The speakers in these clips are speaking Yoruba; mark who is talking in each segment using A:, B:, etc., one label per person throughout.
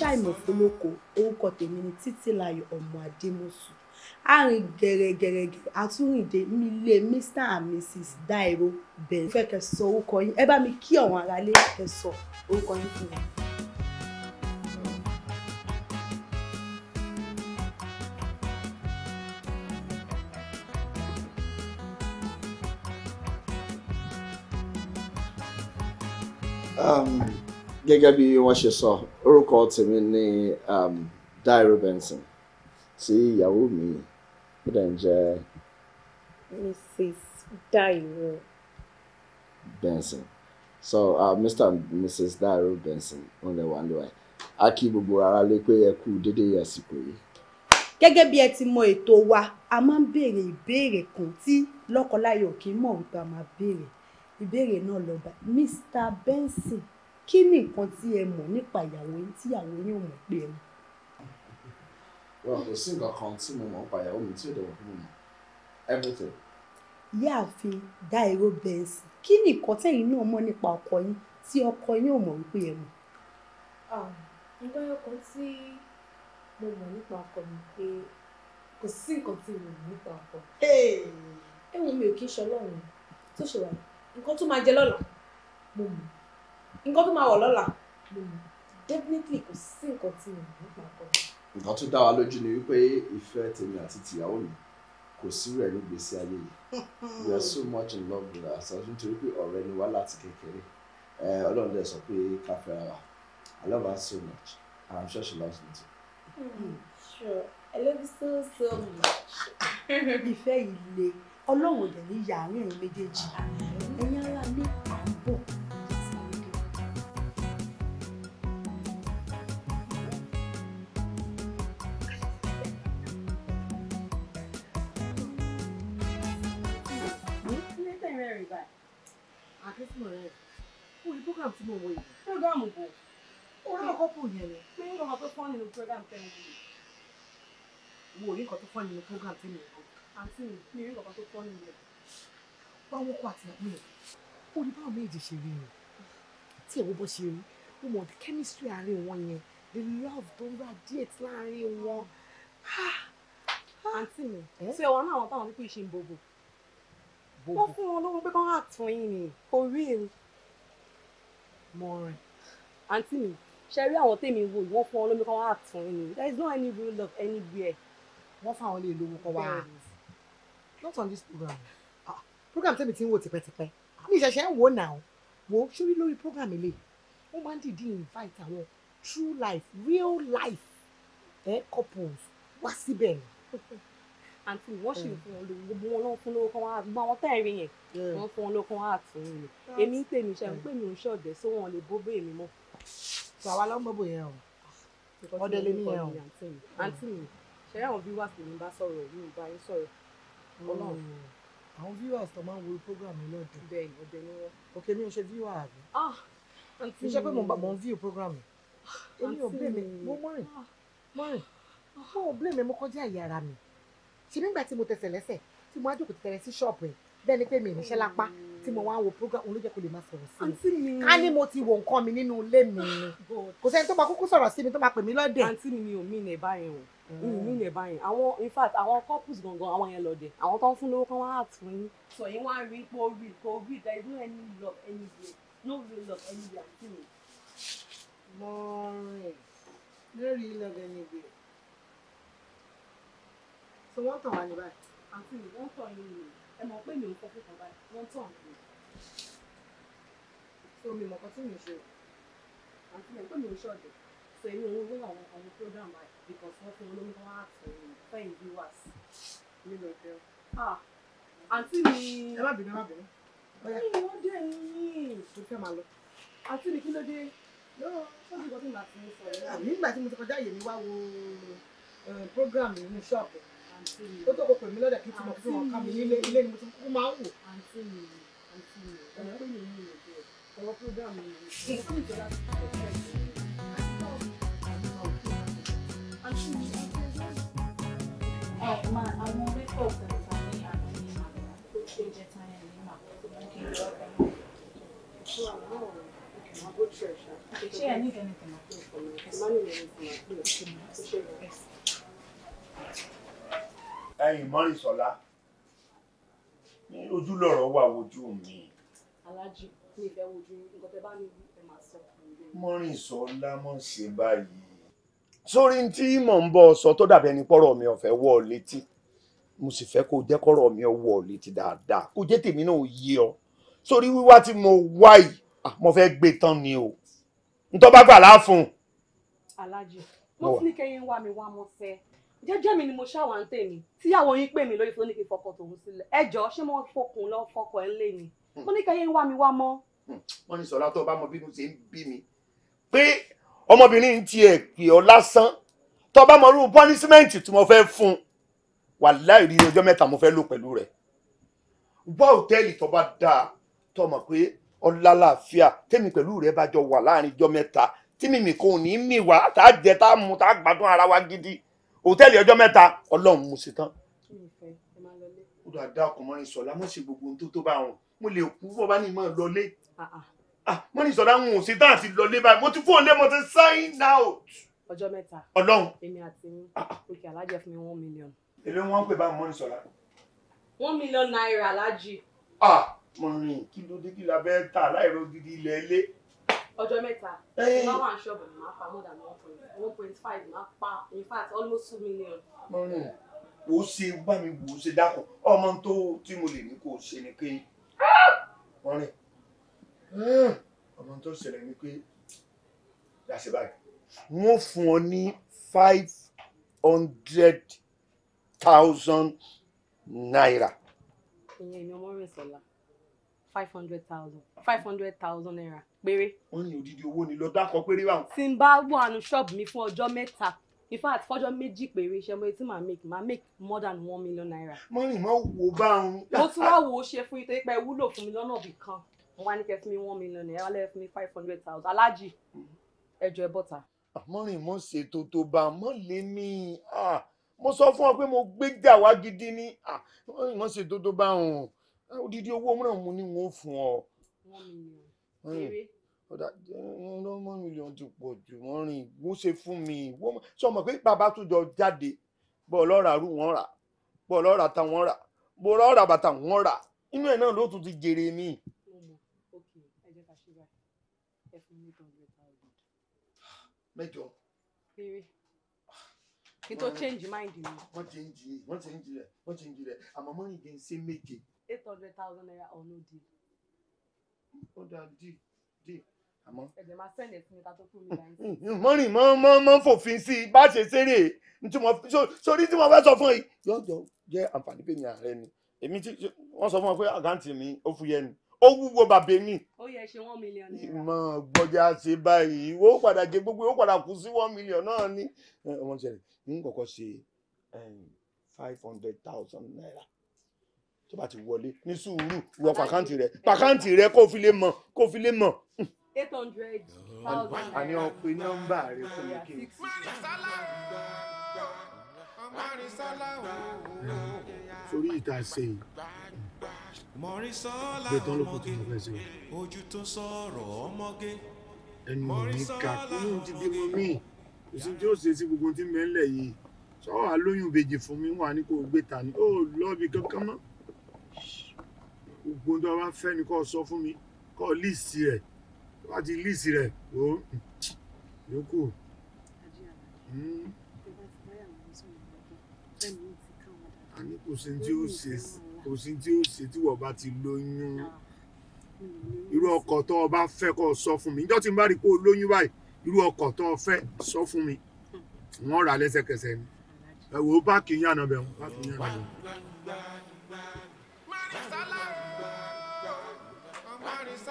A: ṣàìmọ̀fólókò orúkọ tèmi ni títílayọ̀ ọmọ adémọ́sù àrùn gẹ̀rẹ́gẹ̀rẹ́gẹ̀ àtúrìndé mi lé mr and mrs dairo bẹ̀rẹ̀ fẹ́ kẹ́ sọ orúkọ yín ẹ bá mi kí àwọn aráalé kẹ́ sọ orúkọ yín fún wọn.
B: Um, gẹ́gẹ́ bí wọ́n ṣe sọ orúkọ tèmi ni um, Dairy Benson tí ìyàwó mi ó dẹ̀ ń jẹ́.
C: Mrs. Dairy
B: Benson so uh, Mr. and Mrs. Dairy Benson wọ́n lè wà níwáyé a kí gbogbo ara lé pé ẹ kú dédé àsìkò yìí.
A: gẹ́gẹ́ bí ẹ ti mọ ètò wa a máa ń béèrè ìbéèrè kan tí lọ́kọláya ò kì í mọ̀ wípé a máa béèrè ìbéèrè náà lọ́ba Mr. Benson kí ni nǹkan tí ẹ mọ̀ nípa ìyàwó yín tí ìyàwó yín ò mọ̀ pé ẹ mọ̀.
B: kò sí nǹkan kan tí mo mọ̀ nípa ìyàwó mi tí ò dẹ̀wọ̀ fún mi
D: mọ̀ everything.
A: ìyáàfin Dairo Benson kí ni nǹkan tẹ̀yin náà mọ̀ nípa ọkọ yín tí ọkọ yín ò mọ̀ wípé ẹ mọ̀.
D: Ah, nǹkan
C: ọkọ tí mo mọ̀ nípa ọkọ mi pé kò sí nǹkan tí mo mọ̀
A: nípa ọkọ. ẹ̀wọ̀n mi ò kí ń ṣọlọ́run tó ṣe wà
C: nǹkan tó máa jẹ lọ́la
A: mo mọ̀ nǹkan tó máa wọ̀ lọ́la definitely kò sí nǹkan
E: tí mo nípa kọ.
B: nǹkan tó dá wa lójú ni wípé ìfẹ́ tèmi àti tìyàwó mi kò sí rẹ̀ ní gbèsè ayé yìí we are so much in love with ourselves nítorí pé ọ̀rẹ́ ni wá láti kékeré ọlọ́run dẹ̀ sọ pé ká fẹ́ ara I love her so much and I'm sure she loves me too.
C: Mm, sure I love you so so much.
A: ìfẹ́ yìí le ọlọ́run ò dẹ̀ ní yàrá ẹ̀yìn méjèèjì. àkẹ́sí mọ̀ rẹ̀ o ní program tí mo wọ yìí. program bò orí ọkọ kù yẹn ni. pé ń lọ́mọ tó fọ́ nínú program tẹ́ mi yìí. wo orí nǹkan tó fọ́ nínú program tẹ́ mi yìí. àǹtí mi mi rí nǹkan tó fọ́ nínú rẹ̀. báwo kọ àti àpò yẹn ó ṣe rí ni tí èwo bó ṣe rí mo mọ̀ the chemistry àárín wọn yẹn the love tó ń radiate láàárín wọn. Ah! Ah! àǹtí mi ṣé ọ̀nà àwọn táwọn pípé ṣe ń bobo wọ́n fún wọn lówó pé kán act fún yín ni kò rí èrè. mo rìn. àǹtí mi ṣe rí àwọn tèmi wò yìí wọ́n fún wọn lómi kán act fún yín ni there is no any rule of anywhere. wọ́n fún àwọn lè lówó kọ́ wá not on this program ah program tèmi ti ń wò tipẹ́tipẹ́ mi ìṣẹ̀ṣẹ̀ ń wò náà wò sórí lórí program ilé wọ́n máa ń dìídì invite àwọn true life real life eh, couples wá síbẹ̀ ni. àǹtí wọ́n sì mm. fún wọn lówó gbogbo wọn náà fún lówó kan wá gbọ́n wọn tẹ́ ẹ̀rí yẹn mm. wọ́n fún wọn lówó kan wá àtún un èmi ń tèmi iṣẹ́ ń mm. pè mí ń ṣọ̀dẹ̀ sí wọn lè bóbó èmi mọ́. bàbá ló ń bọ̀bọ̀ yẹn o ọdẹ lè ní yẹn o. àǹtí mi ṣẹ́yà àwọn viewers mi bá sọ̀rọ̀ mi ò bá yín sọ̀rọ̀
B: ọlọ́run. àwọn viewers tó máa ń wo program yìí lọ́dún. bẹ́ẹ̀ni ọdẹ ni wọ́n. ok mi ò ṣe viewer
A: ah àǹtí mi. iṣẹ́ pé
B: mo ń view program yìí. Ah, èmi ò blame mi
A: mo mọ́rin ah. mọ́rin ah. mo ò blame mi mo kọjá ṣe nígbà tí mo tẹsẹ̀ lẹ́sẹ̀ tí mo wá tẹ̀rẹ̀ sí ṣọ́ọ̀bù ẹ̀ bẹ́ẹ̀ ni pé mi níṣẹ́ lápá tí mo wá wo program òun ló jẹ́ kó lè máa sọ̀rọ̀ sí mi ká ní mo ti wo nǹkan mi nínú ilé mi kò sẹ́ni tó máa kúkú sọ̀rọ̀ sí mi tó máa pè mí lọ́dẹ̀. àǹtí mi mi ò mí nẹ̀ báyìí o ìlú mm. ní ẹ̀bá yẹn àwọn in fact àwọn couples gangan àwọn yẹn lọ àwọn tó ń fún lówó kan wá hàn yín. sọ yín wá rí pé rí kò rí there is no any love anywhere no real love anywhere àti mi. mọ́ọ̀rẹ́ no real love so wọ́n tàn wá ní báyìí àǹtí wọ́n tàn yín nìyẹn ẹ mọ̀ pé mi ò fọkàn kan báyìí wọ́n tàn mí so mi mọ̀ tí mi ṣe àǹtí mi pé mi ò ṣọ̀dẹ̀ so èmi òun ló àwọn àwọn program báyìí because wọ́n fún olóyún wọn àti fẹ́yìn viewers mi lọ jẹ́ ah àǹtí mi ẹ má bínú ẹ má bínú
E: ẹ̀yìn wọ́n dé yín
A: tó fẹ́ máa lọ àǹtí mi kí ló dé lọ́wọ́ fọ́jú kan tí mo bá ti ń sọ tí mo ti kọjá yèmí wá wo eh, program ní ṣọ́ọ̀bù ó tó kọ pèmí lọ́dẹ̀
E: kí n ti mọ̀ fún ọ̀ka mi nílé ilé ni mo ti
A: kú máa ń wò. Àwọn
F: rékọ̀ ẹ̀yin Mọ́rìnsọ́lá ní ojúlọ́rọ̀ wà wojú mi.
A: alájí mi ìfẹ́ wojú nǹkan tẹ́ bá ní ẹ máa sọ.
F: Mọ́rìnsọ́lá mọ̀ ṣe báyìí. sórí tí mò ń bọ̀ sọ tó dàbí ẹni pọ́rọ̀ mi ọ̀fẹ́ wọ̀ létí mo sì fẹ́ kó jẹ́ kọ́rọ̀ mi wọ̀ létí dáadáa kó jẹ́ tèmi náà yé ọ sórí wíwá tí mo wá yìí mo fẹ́ gbé e tán ni o ntọ́ bá gbà láàfún.
E: alájí
A: mo ti ní kẹ́yìn wá mi wá mo fẹ́ jẹ́jẹ́ mi ni mo ṣáwà ń tèmi tíyàwó yín pè mí lórí fún oníkì fọkọ tòun sílẹ̀ ẹ ṣé mo fọkùn lọ fọkọ ẹ ńlẹ ni mo hmm. ní kẹyìn wá mi wá mọ́.
F: Hmm. wọ́n ní sọ̀rọ̀ àtọ́ bá mọ bínú ṣe ń bí mi pé ọmọbìnrin ti ẹ̀ pè ọ́ lásán tó bá mọ irú pọ́nísímẹ́ǹtì tí mo fẹ́ fún un wà láì rí ọjọ́ mẹ́ta mo fẹ́ lò pẹ̀lú rẹ̀ gbọ́ òtẹ́ẹ̀lì tó bá dáa tó mọ̀ pé ọlá làáfíà tèmi pẹ̀lú rẹ̀ bá jọ wà láàrin ọjọ́ mẹ́ta tí mímì kò ní mì wá tá a jẹ tá a mu tá a gbádùn ara wa gidi hòtẹ́ẹ̀lì ọjọ́ mẹ́ta ọlọ́run mo ṣe tán. ó dà dá ọkàn mọ́rin sọ̀lá mo ṣe gbogbo ohun tó tó bá wọn mo lè kú bọ́ bá ní ìmọ̀ lọlé ah, ah. ah, mọ́rin sọ̀lá ń hùn sí tán àti lọlé báyìí mo ti fún òǹdé mo ti sign out. ọjọ́ mẹ́ta ọlọ́run èmi àti òkè alájẹ fún mi one million. èlé wọn pè bá mọ́rin sọ̀lá.
A: one million naira alájì.
F: ah mọ̀rin kí ló dé kí la bẹ́ẹ̀ ta láìro gidi ilẹ̀ ilé
C: ọjọ́ mẹ́ta ní wá wà ṣọ́ọ̀bù ní máa pa more than one point one point five máa pa in fact almost two million.
F: mọ́nù o ṣe bá mi wò ó ṣe dákọ̀ ọmọ tó tí mo lè ní kó o ṣe ni pé wọ́n rìn ọmọ tó ṣẹlẹ̀ ni pé yàṣẹ báyìí. wọ́n fún ọ ní five hundred thousand naira.
A: ìyẹn ni ọmọ rẹ̀ sọ̀la five hundred thousand five hundred thousand naira
F: péré. wọ́n ní odidi owó ni lọ dákọ̀ péré báwọn.
A: tí n bá wà ní ṣọ́ọ̀bù mi fún ọjọ́ mẹ́ta in fact fọjọ́ méjì péré iṣẹ́ mo ti máa make máa make more than one million naira.
F: mo rìn mọ́ wo bá ń. mo tún
A: wá wo ṣe fún yín torí pé wúlò fún mi lọ́nà bì kan wọ́n wá ní kẹ́ fún mi one million naira lẹ́yìn fún mi five hundred thousand alájì ẹjọ́ ẹ bọ́ta.
F: àmọ́ ah, rìn mọ́ ṣètò tó bá a mọ́ lé mi ah, mo sọ fún ọ pé mo gbéjà wá gidi ah, ní àmọ́ rìn mọ́ ṣètò tó bá a Eh, odidi owó mìíràn mo ní wọn fún ọ. Hmm. Eh, ọ̀dà one million ti pọ̀ jù wọ́n rìn wọ́n ṣe fún mi sọ ma pé bàbá tó jọ jáde bọ́ ọlọ́ra rú wọn rà bọ́ ọlọ́ra ta wọn rà bọ́ ọlọ́ra bàtà wọn rà inú ẹ̀ náà ló tún ti jèrè mi. mẹ́jọ. péré kí n tó change mind mi. wọ́n change rẹ̀ wọ́n change rẹ̀ àmọ́ mọ́rin kì í ṣe méje
A: eight hundred thousand naira
F: or ọ̀nà òdì. ó dáa dì dì àmọ́. ẹ̀jẹ̀ máa
A: sẹ́ndì ẹ̀sìn mi ká tó kúrò nígbà yín. Mm,
F: mm, mọ́rìn mọ́ mọ́ mọ́ fòfin sí i bá ṣe ṣeré sórí tí mo fẹ́ sọ fún yìí yọjọ jẹ́ àǹfààní pé mi àárẹ̀ ni èmi tí wọ́n sọ fún ọ pé àkáǹtì mi ó fúyẹ́ ni ó wúwo bàbá mi. ó
A: yẹ ṣe one million naira.
F: ìmọ̀ gbọ́jà ṣe báyìí ó padà jẹ gbogbo ó padà kú sí one million náà ni. ọmọ ṣẹlẹ̀ ń kọ́kọ́ ṣe five hundred thousand naira tó bá ti wọlé ní sùúrù wọ pàkáǹtì rẹ pàkáǹtì rẹ kó fi lè mọ̀ kó fi lè mọ̀.
D: eight hundred thousand. àní
F: ọ̀pẹ nọ́mbà rẹ fún mi kí n.
D: sórí ìta ṣe yìí gbẹtọ ló kọ tó lọ fẹsẹ ojú tó sọ̀rọ̀ ọmọge ẹnu mi kà inú ti di mo mí òsì
F: tí ó ṣe sí gbogbo tí mẹ́lẹ̀ yìí sọ́wọ́ àlóyún bèjì fún mi wà ní kò gbé ta ni ó lọ́ọ́ bí kankan mọ́ gbogbo tó bá fẹ́ ni kó sọ fún mi kó líìsì rẹ̀ tó bá ti líìsì rẹ̀ ó yókù. àní hmm. kò sí tí ó ṣe kò sí tí ó ṣe tí wọ́n bá ti lóyún irú ọkọ tó o bá fẹ́ kó sọ fún mi níjọ́ tí bá rí i pé o lóyún báyìí irú ọkọ tó o fẹ́ sọ fún mi wọ́n rà lẹ́sẹ̀kẹsẹ̀ ni ẹ wò ó bá kì í yànnà bẹ̀ wọ́n bá kì í yànnà
D: bẹ̀ Mọ́rísọ́lá òwò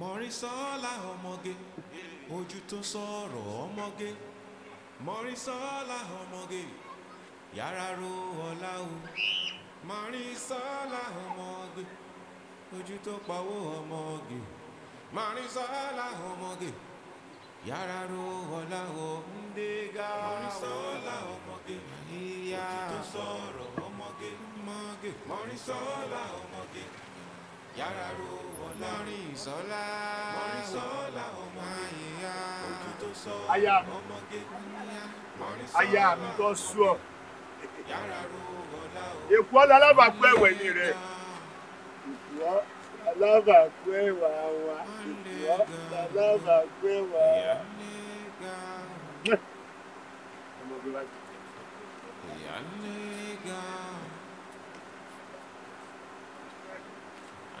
D: Mọ́rísọ́lá ọmọge ojú tó sọ̀rọ̀ ọmọge Mọ́rísọ́lá ọmọge yàrá ro ọ̀la o Mọ́rísọ́lá ọmọge ojú tó pawó ọmọge Mọ́rísọ́lá ọmọge yàrá ro ọ̀la o ń dé ga Mọ́rísọ́lá ọmọge ojú tó sọ̀rọ̀ ọmọge ọmọge Mọ́rínsọ́lá ọmọge yàrá ro ọ̀la Mọ́rínsọ́lá Mọ́rínsọ́lá ọmọge ojú tó sọ ọmọge Mọ́rínsọ́lá aya mi
F: tó sú ọ yàrá ro ọ̀la ọmọge èkó ọ̀la alábàápọ̀ ẹ̀wẹ̀ ni rẹ̀ èkó alábàápọ̀ ẹ̀wà wa èkó alábàápọ̀ ẹ̀wà wa ọmọge wa
D: jẹ.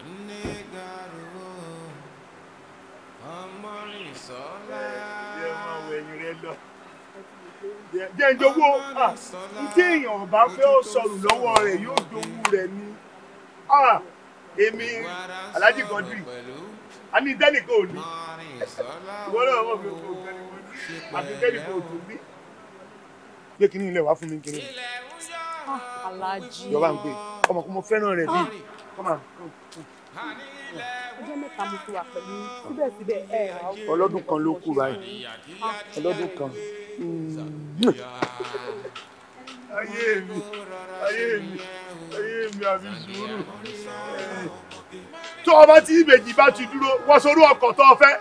D: jẹ́njẹ́ owó
F: tí èèyàn ọba fẹ́ ó sọnù lọ́wọ́ rẹ̀ yóò dowó rẹ̀ ni èmi Alhaji Quadri a dẹ́nìkan ò ní ìwọ náà wọ́n fi kó dẹ́nìkan àti dẹ́nìkan ò tún bí. gbé kínní ilé wá fún mi kínní. Alhaji ń gbé ọmọkùnrin mo fẹ́ràn rẹ̀ bíi ọjọ́
A: mẹ́ta mo ti wà pẹ̀lú síbẹ̀síbẹ̀ ẹ̀
F: ọlọ́dún kan ló kù báyìí ọlọ́dún kan ayé mi ayé mi ayé mi àbí sùúrù tó ọba tí ìbejì bá ti dúró wọ́n sorú ọkọ̀ tó o fẹ́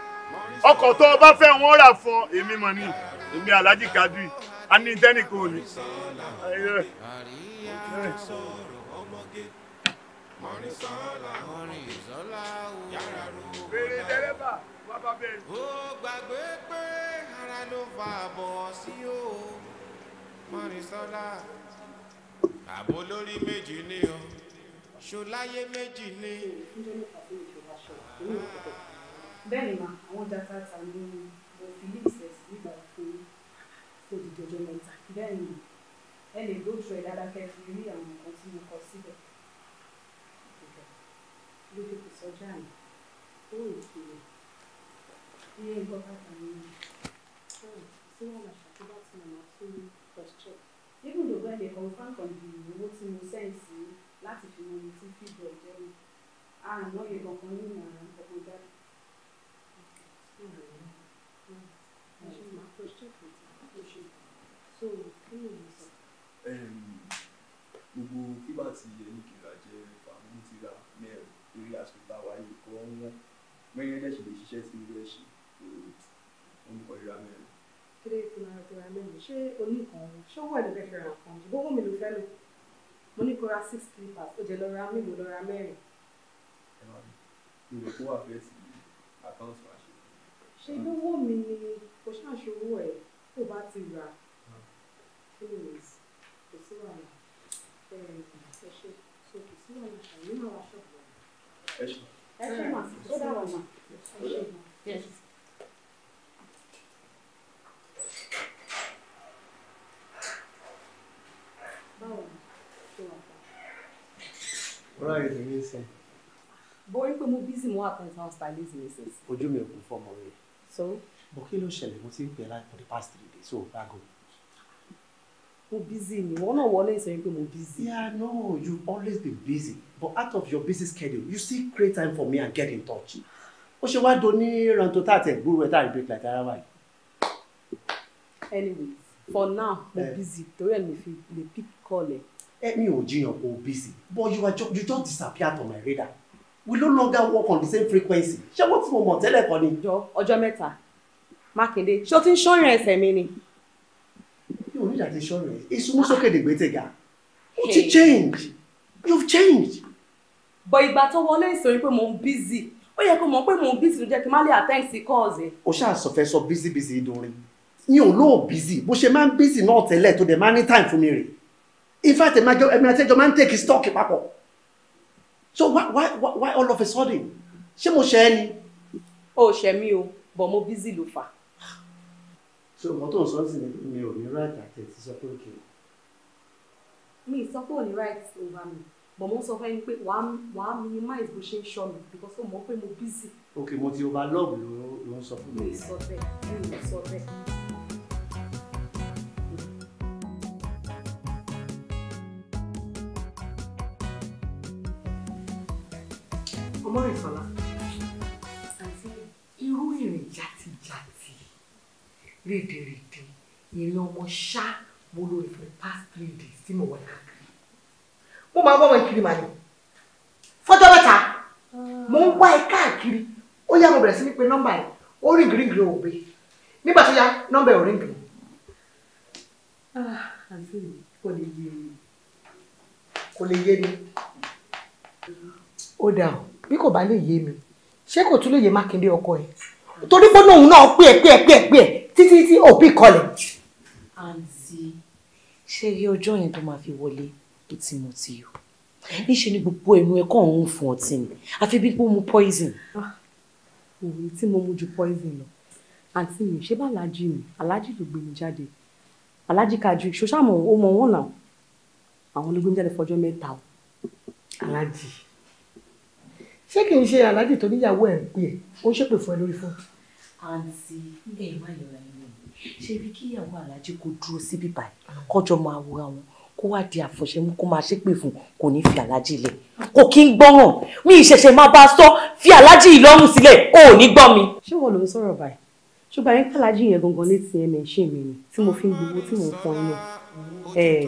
F: ọkọ̀ tó o bá fẹ́ wọ́n rà fún ọ èmi mọ̀ ni èmi Alhaji Kadri anitẹ́nìkan ò
D: ní orin sọ́la orin sọ́la o yàrá ro bèrè dẹ́rẹ́bà wà bá bẹ̀rù. ó gbàgbé pé ara ló fa àbọ̀ sí o orin sọ́la àbò lórí méjì ni o ṣọláyé méjì ni. bẹ́ẹ̀ ni màá àwọn dátà
A: ta ni mo fi ní ìṣẹ̀sì nígbà fún odidi mẹ́ta bẹ́ẹ̀ ẹ lè gbóòtú ẹ̀ dáadáa kẹ́ fi rí àwọn nǹkan tí mo kọ síbẹ̀ ló tètè sọjá mi ó rò kiri ilé ìgbọ́ bàtà mi ọ̀rọ̀ sí wọn àṣà tó bá ti mọ̀nà tó cross check even though bẹ́ẹ̀ lè confam kan di owó tí mo sẹ́ǹsì láti fi mọ ibi tí fídíò ẹ̀jẹ̀ mi àmọ́ iye kankan ní ìmọ̀ràn kankan jáde.
B: gbogbo kí bá ti yẹ ní kí
F: torí àsìkò tá a wà yìí kọ́ ń wọ́n lè ṣiṣẹ́ sí ilé ẹ̀ṣin ó ń kọ ìra mẹ́rin.
A: kílé tí máa tó ra ṣé oníkan ṣọ́wọ́ ẹ̀ ló fẹ́ràn kan jù gbogbo mi ló fẹ́ lò mo ní kó six clippers ó jẹ́ lọ mélòó lọ mẹ́rin.
B: ẹ máa mi ò rò kó wà fẹ́ sí àkáǹtì máa ṣe.
A: ṣe mi ni kò ṣàṣe owó ẹ tó bá ti rà anyways kò sí wàhálà ẹ ẹ ṣe kò sí wàhálà ṣàyẹ̀wò
F: àwọn Yes.
E: Ọ̀rọ̀
B: ayé tèmi ń sìn.
A: Borí pé mo bísí stylist mi sìn.
B: Ojú mi ò kún
A: So. Bọ̀ kí ló ṣẹlẹ̀ mo ti ń pè for the past three days so báàgò mi
B: mo busy ni wọn náà wọlé ìsọyìn pé mo busy. yeah no you always be busy but out of your busy schedule you still create time for me and get in touch. ó ṣe wá do ní ranto tá àti ẹ̀gbọ́n
F: rẹ̀ tá àìbí like ara wa yìí.
A: anyway for now mo yeah. busy torí ẹ̀ mi fi lè pick call ẹ̀. ẹ mi
F: ò jiyàn kó o busy
A: but you, are just, you just disappear from my radar we no longer work on the same frequency ṣé wọ́n ti mo mọ̀ tẹ́lẹ̀ kan ni. jọ ọjọ́ mẹ́ta Mákindé ṣé ti ń ṣọ́yàn ẹsẹ̀ mi ni
F: change at the ṣọ́ọ̀rẹ́ ìsúnmọ́sókè dègbè guy. What you change you've changed.
A: bọ̀ ìgbà tó wọlé ìsòrí pé mò ń busy Oh yeah, kó mọ̀ pé busy ló jẹ́ kí n má lè attend sí calls ẹ̀.
F: o ṣáà sọ fẹ́ so busy busy dorin mi ò busy But she man ń busy náà tẹ́lẹ̀ tó dẹ̀ máa ní time for me. in fact ẹ̀mí àtẹ́jọ́ máa man take his stock papọ̀
A: so why why why all of a sudden She must ṣe any. Oh, she me mí o
B: bọ̀ busy ló so mọ́tò sọ sí ni mi ò ní right àti ti sọ pé òkè.
A: mi ì sọ pé ò ní right over me bọ̀ mo sọ fẹ́ pé wàá wàá minimize bó ṣe ń ṣọ mi because ó mọ̀ pé mo busy.
B: ok mo ti overlove ló ló ń sọ fún mi. mi ì
A: bẹ́ẹ̀ mi ì bẹ́ẹ̀. rédèrèdè ìrìn ọmọ ṣá mo lo rẹ̀ for the past three days tí mo wà káàkiri mo máa ń wá wọn kiri màá ní fọ́jọ́ mẹ́ta mo ń wá ẹ káàkiri ó yá mo bẹ̀rẹ̀ sí ní pé nọ́mbà rẹ̀ ó ríngì ríngì ò gbé nígbà tó yá nọ́mbà ẹ̀ ò ríngì. Ah, àǹtí mi kò lè yé mi kò lè yé mi ó dà bí kò bá lè yé mi ṣé kò tún lè yé mákindé ọkọ ẹ torí pé
B: òun náà pè é pè é pè é pè é títí tí òbí kọlẹ̀.
A: àǹtí ṣé rí ọjọ́ yẹn tó máa fi wọlé tó ti mọ̀ tí o níṣẹ́ ni gbogbo ẹnu ẹ̀kọ́ ọ̀hún fún ọtí ni àfi bí pé mo poison. Ah, òun tí mo mu ju poison lọ àǹtí mi ṣé bá aláàjì mi aláàjì ló gbé mi jáde aláàjì kájú ṣoṣàmọ̀ ó mọ wọn náà àwọn ló gbé mi jáde fọjọ́ mẹ́ta o aláàjì ṣé kì í ṣe aláàjì tó níyàwó ẹ̀ ń pè ẹ́ ó ṣépè fún ẹ lórí fóònù. àǹtí ẹ má yọra ẹni ṣe bí kíyàwó aláàjì kò dúró síbí báyìí kọjọ máa wúra wọn kó wá di àfọ̀ṣẹ́mú kó máa ṣépè fún kò ní fi aláàjì lẹ̀ kò kí ń gbọ́ràn mi ìṣẹ̀ṣẹ̀ máa bá a sọ fi aláàjì ìlọ́run sílẹ̀ ò ní gbọ́ mi. ṣé wọn ló ń sọ̀rọ̀ báyìí ṣùgbọ́n ayé pàlájì yẹn gangan ní ti ẹ̀mẹ̀ ṣe mi ni tí mo fi ń gbowó tí mo ń pọn iná. ẹ ẹ.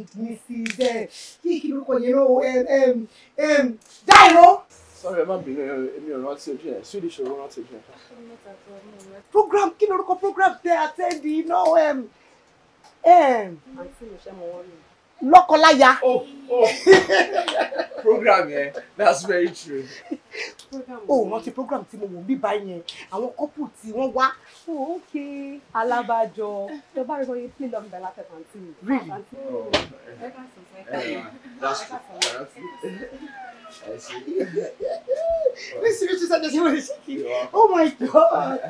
A: and mrs kí kí lórúkọ yẹn náà Dairo.
B: sorry I'm not bínú èmi ò rántí ojú swedish I'm not ojú
A: ẹ. program kí lórúkọ program tẹ àtẹ́ndì náà. àǹtí
B: um, ṣe mọ̀ wọ́n mi
A: lọ́kọláya. oh,
B: oh. program yẹn that's very true.
A: o ò rántí program tí mo wò bí báyìí yẹn àwọn couple tí wọ́n wá. Oh, o ok alábàjọ tó bá rí bọ́ yé play love bẹ̀rẹ̀ láti ẹ̀ka
B: àǹtí mi. really oh ẹ̀ka sọ̀tún ẹ̀ka yẹn that's true.
E: This is just
B: Oh my god.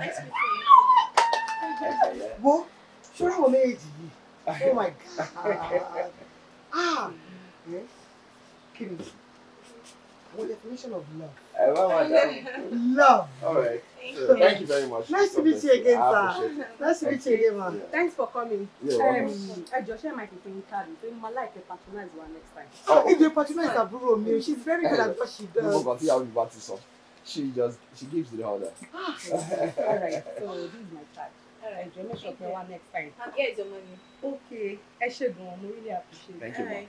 B: Uh, wo, ṣọ́ra àwọn méjèèjì yìí. Oh my god kí ni our definition of love. I love that. Love. All right. Thank, so, you. thank you very much. Nice to meet you again, sir.
A: Nice to meet you again, man. Yeah. Thanks for coming. Yeah, um, I just share my thinking card. So my life, they patronize one next time. Oh, if they patronize Aburo me, she's very good at what she does. You forgot,
B: I'll be back to some. She just she gives it all that.
A: All right. So this is my card. Alright, Joe, make sure you next time. And here is your money. Okay. Ẹ ṣé gan-an, mo really appreciate it. Thank you, ma. Ẹ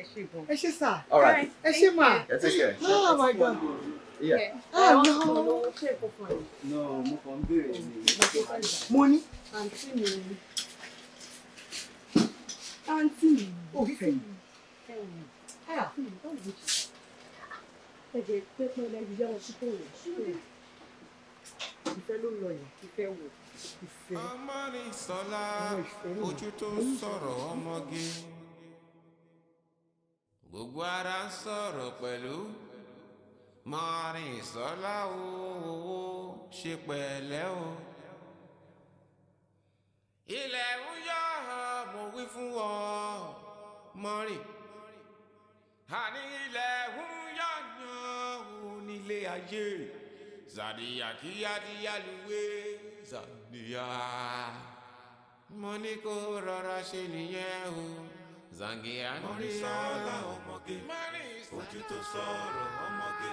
A: ṣé gan-an. Ẹ ṣé sir. All right. Ẹ ṣé
B: ma. Yeah, take care. Oh my God. Yeah. yeah.
A: Oh no. No,
B: mo kàn ń béèrè ni.
A: Mo ní. Àǹtí mi. Àǹtí mi. Oh, Ó fẹ́ ah.
E: mi.
A: Ah, báwo ni ṣe? Ẹ̀jẹ̀ pẹ́pẹ́ lẹ́yìn yẹ́wọ̀n sí fóònù. Ìfẹ́ ló ń
D: lọ yẹn, ìfẹ́ wò ìfẹ́ ọmọrìnsọ́lá ojú tó ń sọ̀rọ̀ ọmọge gbogbo ara ń sọ̀rọ̀ pẹ̀lú mọ̀rìnsọ́lá owó ṣe pẹ̀lẹ́ o. ilẹ̀ ń yọ mo wí fún ọ mọ́rìn àní ilẹ̀ ń yọ̀yàn onílé ayé zàdíyàkíyàdíyàlúwé zàdíyàkíyàdíyàlúwé nìyá mo ní kó rọra ṣe nìyẹn o Zangia Mọ́rísọ́lá ọmọge ojú tó sọ̀rọ̀ ọmọge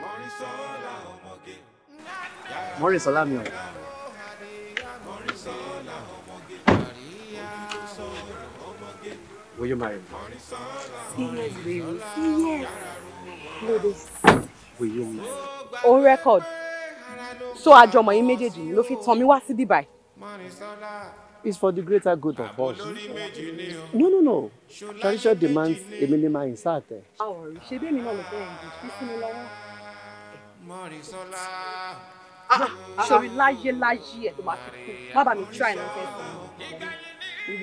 D: Mọ́rísọ́lá ọmọge.
B: Mọ́rísọ́lá mi ò.
D: Mọ́rísọ́lá ọmọge ojú tó sọ̀rọ̀
B: ọmọge. Will you marry me?
D: Serious baby, Yes,
A: No, this. Will you marry me? On record so àjọmọ̀ yín méjèèjì ló fi tàn mí wá sí bíbá
B: It's for the greater good of us. No, no, no. Tradition demands a minimum insert.
D: Àwọn ọ̀rẹ́ ṣe bẹ́ẹ̀ ni mo lọ fẹ́ ẹ̀ǹdì sí sí mi lọ́wọ́. Ah, Sori
A: láyé láyé ẹ̀ tó máa fi kú. Má mi try ní ọ̀fẹ́ sọ.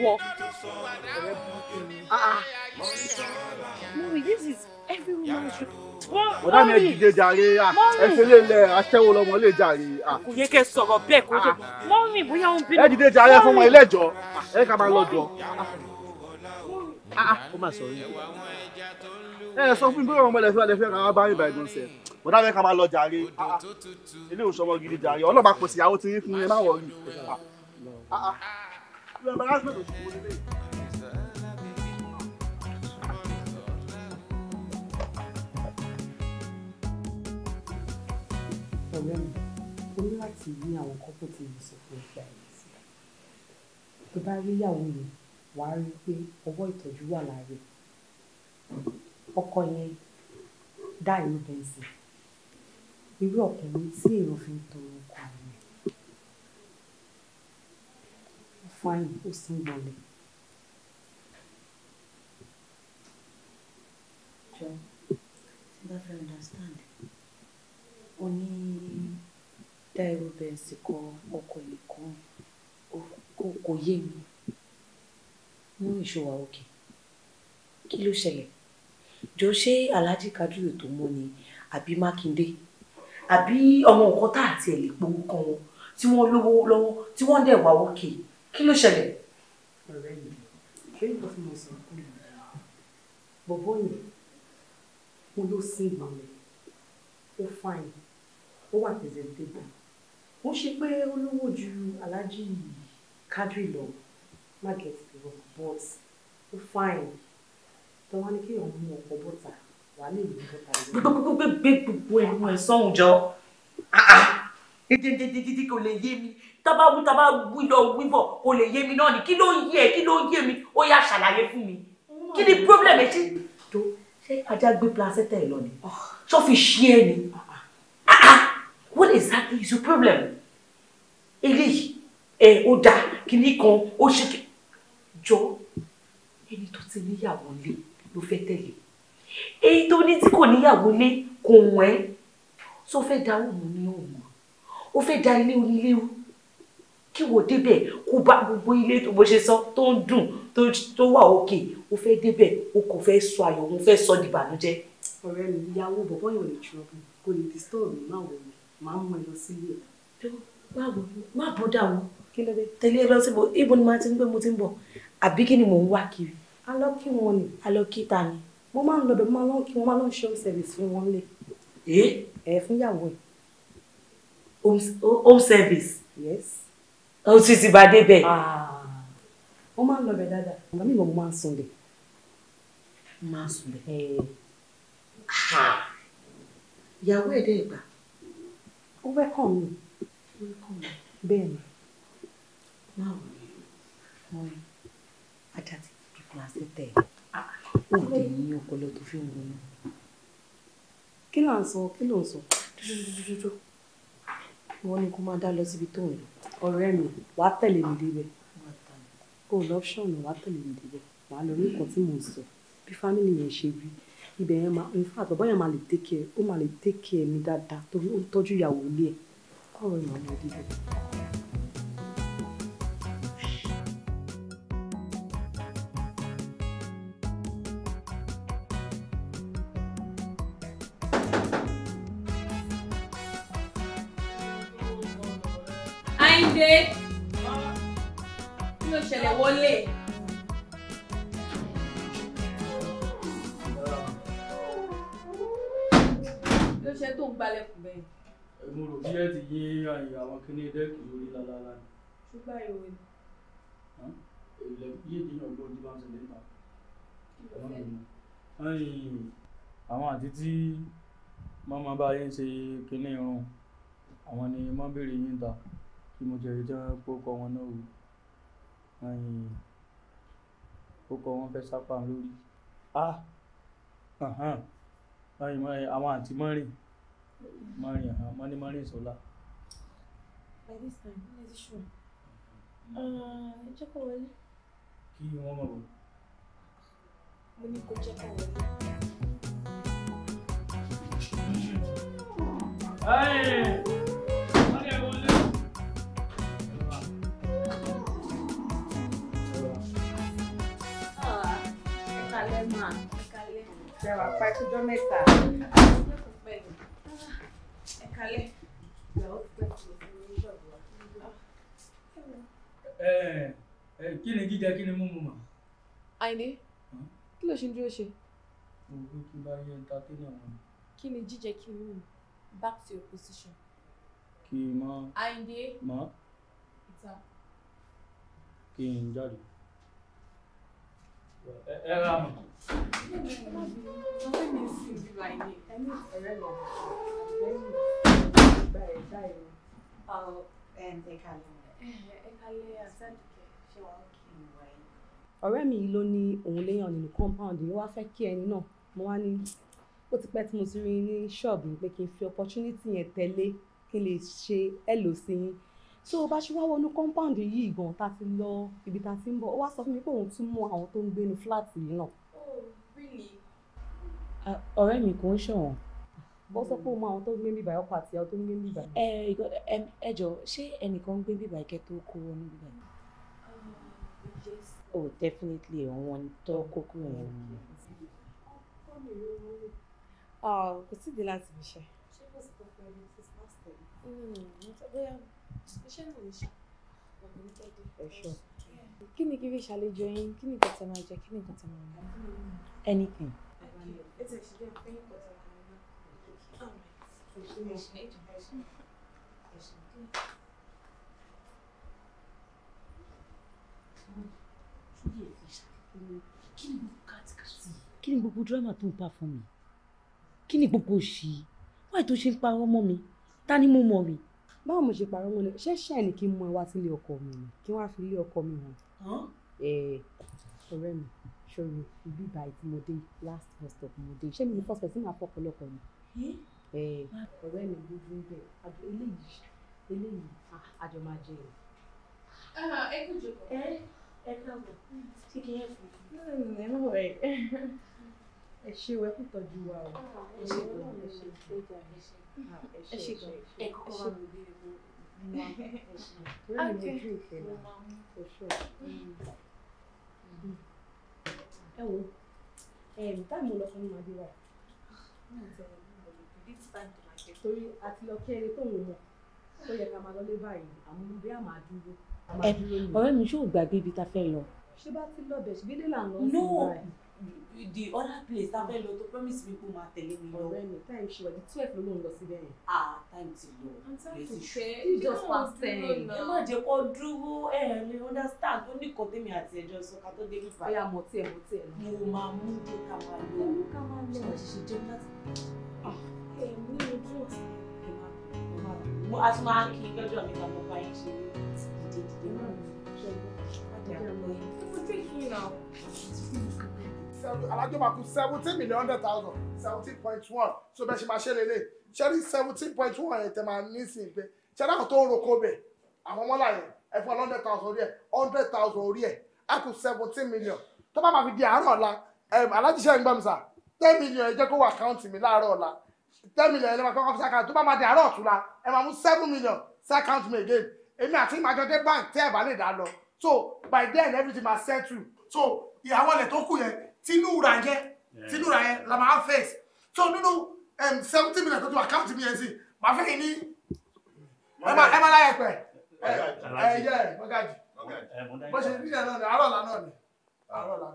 A: Wọ. Mọ̀mí, this is every woman should. bọ́dà mi ẹ dìde
F: jàre ẹsẹ̀ lè lẹ aṣẹ́wó lọ́mọ lè jàre. kò
A: yẹ kẹ sọ̀rọ̀ bẹ́ẹ̀ kó tó ah. mọ́mì bóyá ó ń bínú. ẹ dìde jàre fún wọn ilé-ẹjọ́
F: ẹ ká máa lọ jọ. Ah, ah, ó máa sọ yín. ẹ sọ fún mi bí ọmọ ẹlẹfẹ ẹlẹfẹ kan wá bá mi bàjẹ́ sẹ bọ́dà mi ká máa lọ jàre ilé òṣùwọ̀n gidi jàre ọlọ́ba pèsè ìyàwó tí yín fún ẹ má wọ̀ rí.
A: ọ̀rẹ́ mi o ní láti ní àwọn kọ́pọ̀ tí mo sọ fún ìgbà yìí sí tó bá rí ìyàwó mi wà á rí i pé ọwọ́ ìtọ́jú wà láàárẹ̀ ọkọ yẹn dá ìlú bẹ́ǹsì irú ọkùnrin tí èrò fi ń tọrọ ọkọ rẹ̀ ó sì ń gbọ̀lẹ̀. jọ tí bá fẹ́ understand oní Dáíró Bẹ́ǹsì kọ ọkọ̀ ẹ̀lẹ́kùn kò kò yé mi mú ìṣòwò òkè kí ló ṣẹlẹ̀ jọ ṣé Alhaji Kabiru tó mú ni àbí Mákindé àbí ọmọ nǹkan tá àti ẹ̀ lè powó kan wọn tí wọ́n lówó lọ́wọ́ tí wọ́n dẹ̀ wá òkè kí ló ṣẹlẹ̀. ọ̀rẹ́ mi ṣé nǹkan tí mo sọ fún mi bọ̀bọ́ yìí mo ló sí ìgbọ̀nlẹ̀ ó fàyìn ó wà presentable ó ṣe pé olówó ju aláàjì Kadri lọ má get the wrong but ó fine tọ́wọ́n ní kéèyàn mú ọkọ̀ bọ́tà wà lè mú bọ́tà lọ. gbẹgbẹgbẹgbẹ gbogbo ẹnu ẹ sọhùn jọ dídídídí ah, ah. kò lè yé mi tábà wú tábà wú lọ wí bọ̀ kò lè yé mi náà ni kí ló ń yé ẹ kí ló ń yé mi ó yá ṣàlàyé fún mi kí ni problem ẹ ṣe. ṣé ajá gbé placenta ẹ lọ ni ah. ṣó fi ṣí ẹ ni what exactly is your problem? eléyìí eh, ó dáa kìíní kan ó ṣe kí jọ ẹni tó ti níyàwó lé ló fẹ́ tẹ̀lé èyí tó ní tí kò níyàwó lé kò wọ́n ẹ́ tó fẹ́ da òun ní òun ó fẹ́ da ilé oníléwu kí wò to kó bá gbogbo ilé tó bó ṣe sọ O ń dùn tó wà o ó so di ó kò fẹ́ sọ ayọ̀ òun fẹ́ sọ dìbànújẹ́. ọ̀rẹ́ mi ìyàwó bọ̀bọ́ yóò lè ṣọ́ọ̀bù kò lè disturb mi máa wọ̀ mí màá mú ẹ lọ sílé ẹ. má bọ́dà o kí ló dé tẹ̀lé ẹ lọ síbo ibo ni màá ti ń gbé mo ti ń bọ̀ àbí kí ni mò ń wá kiri alọ́kí wọn ni alọ́kí ta ni mo máa ń lọ́dọ̀ mo máa ń lọ́kí wọn máa ń ṣe home service fún wọn lé. ẹ ẹ fún ìyàwó ẹ. home service. yes. o ti ti bá dé bẹ́ẹ̀. Ah. máa ń lọ bẹ̀ dáadáa. àmọ́ mi ò máa ń sunlẹ̀. máa ń sunlẹ̀. ìyàwó ẹ̀ dẹ́ o ó wẹ́kọ̀ mi bẹ́ẹ̀ ni báwo ni wọ́n rí ajá ti bí placenta ẹ̀ ah. ó dé ní ọpọlọ tó fi ń ronú. kí ló ń sọ kí ló ń sọ
C: dúdúdúdúdú
A: wọ́n ní kó má dá lọ síbi tó ń lọ ọ̀rẹ́ mi wàá tẹ̀lé mi débẹ̀ o lọ́pṣọ̀nù wàá tẹ̀lé mi débẹ̀ wàá lọ rí nǹkan tí mò ń sọ bí fámìlì yẹn ṣe rí ibẹ̀ yẹn máa in fact bàbá yẹn máa lè take care ó máa lè take care mi dáadáa torí ó ń tọ́jú ìyàwó ilé ẹ̀ báwo ni màá mọ ibi
C: Nígbà ìwé
B: ni. Iye ìdí náà gbọ́ ojú bá ń ṣẹlẹ̀ nípa. Àwọn àti tí màmá bá yín ṣe kinní irun, àwọn ni màá béèrè yín ta kí mo jẹ̀rì jẹ́ pókọ wọn náà wò. Pókọ wọn fẹ́ sápá mi lórí. Ah! Àwọn àti mọ́rìn. Mọ́rìn, mọ́ní mọ́rìn sọ́lá.
C: By this time, let's show. Ah, ẹ jẹ́ kó wọlé. kí wọ́n mọ̀ wò. mo ní kó jẹ́ kó wọlé. Hey!
B: Ẹ wà pa kí ni jíjẹ kí ni mímu mà.
C: àìní kí ló ṣe ń dúró ṣe.
B: mo gbé kí bá yẹ ẹńtátẹ́nà wọn.
C: kí ni jíjẹ kí ni mímu back to your position. kí n má. àìní. má. ìta.
B: kí n jáde. ẹ ra mọ. ọ̀rẹ́ mi sì ń bí báyìí ẹni
C: ọ̀rẹ́ lọ àbẹ́yìn ìgbà ẹ̀dá ẹ̀rọ. ọ̀ ẹ̀ ń tẹ̀ka lọ
A: ọ̀rẹ́ mi yìí ló ní òun léèyàn nínú compound yìí wá fẹ́ kí ẹni náà mo wá ní ó ti pẹ́ tí mo ti rí ní ṣọ́ọ̀bù pé kí n fi opportunity yẹn tẹ̀lé kí n lè ṣe ẹ̀lò sí yín tó o bá ṣe wá wọnú compound yìí gan ta ti lọ ibi ta ti ń bọ̀ ó wá sọ fún mi pé òun tún mú àwọn tó ń gbénu fúláàtì yìí náà. Oh, ọ̀rẹ́ mi kò ń ṣọ̀wọ́n ó sọ pé o mọ àwọn tó ń gbé bíbà ọkọ àti àwọn tó ń gbé bíbà. ẹ ẹ jọ ṣé ẹnìkan ń gbé bíbà kẹ tó kó wọn ní bíbà. oh definitely wọn tó kó kúrò yẹn ni.
C: Ah, kò sí di láti fi ṣe. ṣé kò sí tó fẹ́ mi fún pásítọ̀ hmm, yìí. bóyá iṣẹ́ náà ló ṣe ọ̀gbìn tó dé. ẹ ṣọ kí ni kí fi ṣàlejò yín kí ni kò tẹ máa jẹ kí ni kò tẹ máa mú. anything kí ni
A: gbogbo dírámà tó ń pa fún mi kí ni gbogbo òṣì wáyé tó ṣe ń parọ́ mọ́ mi ta ni mo mọ̀ rí. báwo mo ṣe parọ́ mọ́ ni ṣẹ́ṣẹ́ ni kí n mú ẹ wá sílé ọkọ mi ni kí wọ́n á fi ilé ọkọ mi hàn. ọ̀rẹ́ mi ṣòro ibi ìbàdí mo dé last first of mo dé ṣé mi ní first person máa fọ́ ọ̀pọ̀lọpọ̀ mi ọ̀rẹ́ mi dúdú bẹ̀ eléyìí eléyìí àjọ máa jẹ ẹ̀.
C: ẹ kú jókòó. ẹ ẹ káàbọ̀ tí kì í yẹ fún mi.
A: Mm, ẹ má wẹ̀ ẹ ṣe wẹ́ kó tọ́jú wa o. ẹ ṣe kó ẹ ṣe kó ẹ ṣe ẹ ṣe kó ẹ kọ́kọ́ wà ewu.
C: Lẹ́yìn ojú ìfẹ́ náà, kò ṣọ́.
A: Mm. Mm. lọ fún mi máa dé wáyé this time to my head. torí a ti lọ kẹ́rin tóun mọ̀ ó yẹ ká máa lọlé báyìí àmọ́ bí a máa dúró a máa mi ṣóò gbàgbé ibi tá a fẹ́ lọ. ṣé bá ti lọ bẹ̀ ṣùgbọ́n délà ń lọ sí the other place tá a fẹ́ lọ tó promise mi kó máa tẹ̀lé mi lọ. ọ̀rẹ́ mi time ṣe di twelve ló ń lọ síbẹ̀ yẹn. ah time ti lọ. place ṣe just pass ten. ẹ má jẹ́ kó dúró ẹ lè understand ó ní kan tèmi àti ẹjọ́ sọ ká tó débi fà. ọ̀yà mọ̀ tí ẹ mọ̀ mo máa mú kí ká máa lọ.
C: ká máa lọ. ṣé wọ́n ṣe ṣe jẹun láti ẹ̀mí
F: ojú alájọ máa kú seventeen million hundred thousand seventeen point one so bẹ́ẹ̀ ṣe máa ṣe lélẹ̀ ṣẹ́rí seventeen point one ẹ̀ tẹ̀ máa ní sí ìgbẹ́ ṣẹ́rí àwọn tó ń roko bẹ̀ àwọn ọmọ láàyè ẹ̀ fún hundred thousand orí ẹ̀ hundred thousand orí ẹ̀ á kú seventeen million tó bá máa fi di àárọ̀ ọ̀la alájíṣẹ́ ń gbọ́ mi sà ten million ẹ̀ jẹ́ kó wà káùntì mi láàárọ̀ ọ̀la ten million ẹ lè máa kọ́kọ́ fi tó bá máa di àárọ̀ ọ̀túnla ẹ máa mú seven million ṣàkáǹtì mi again èmi àti ìmàjọ dé bank tẹ́ ẹ̀ bá lè dá lọ so by then everything ma settle. so ìyàwó ẹ̀ tó kù yẹn tínú ra yẹn tínú ra yẹn la máa face so nínú um, seventy million tó ti wà mi yẹn sí màá fẹ́ yìí ní ẹ máa láyé pẹ̀ ẹ yẹ mọ́gàjì bó ṣe bí ẹ̀ náà ni àárọ̀ là náà ni àárọ̀ là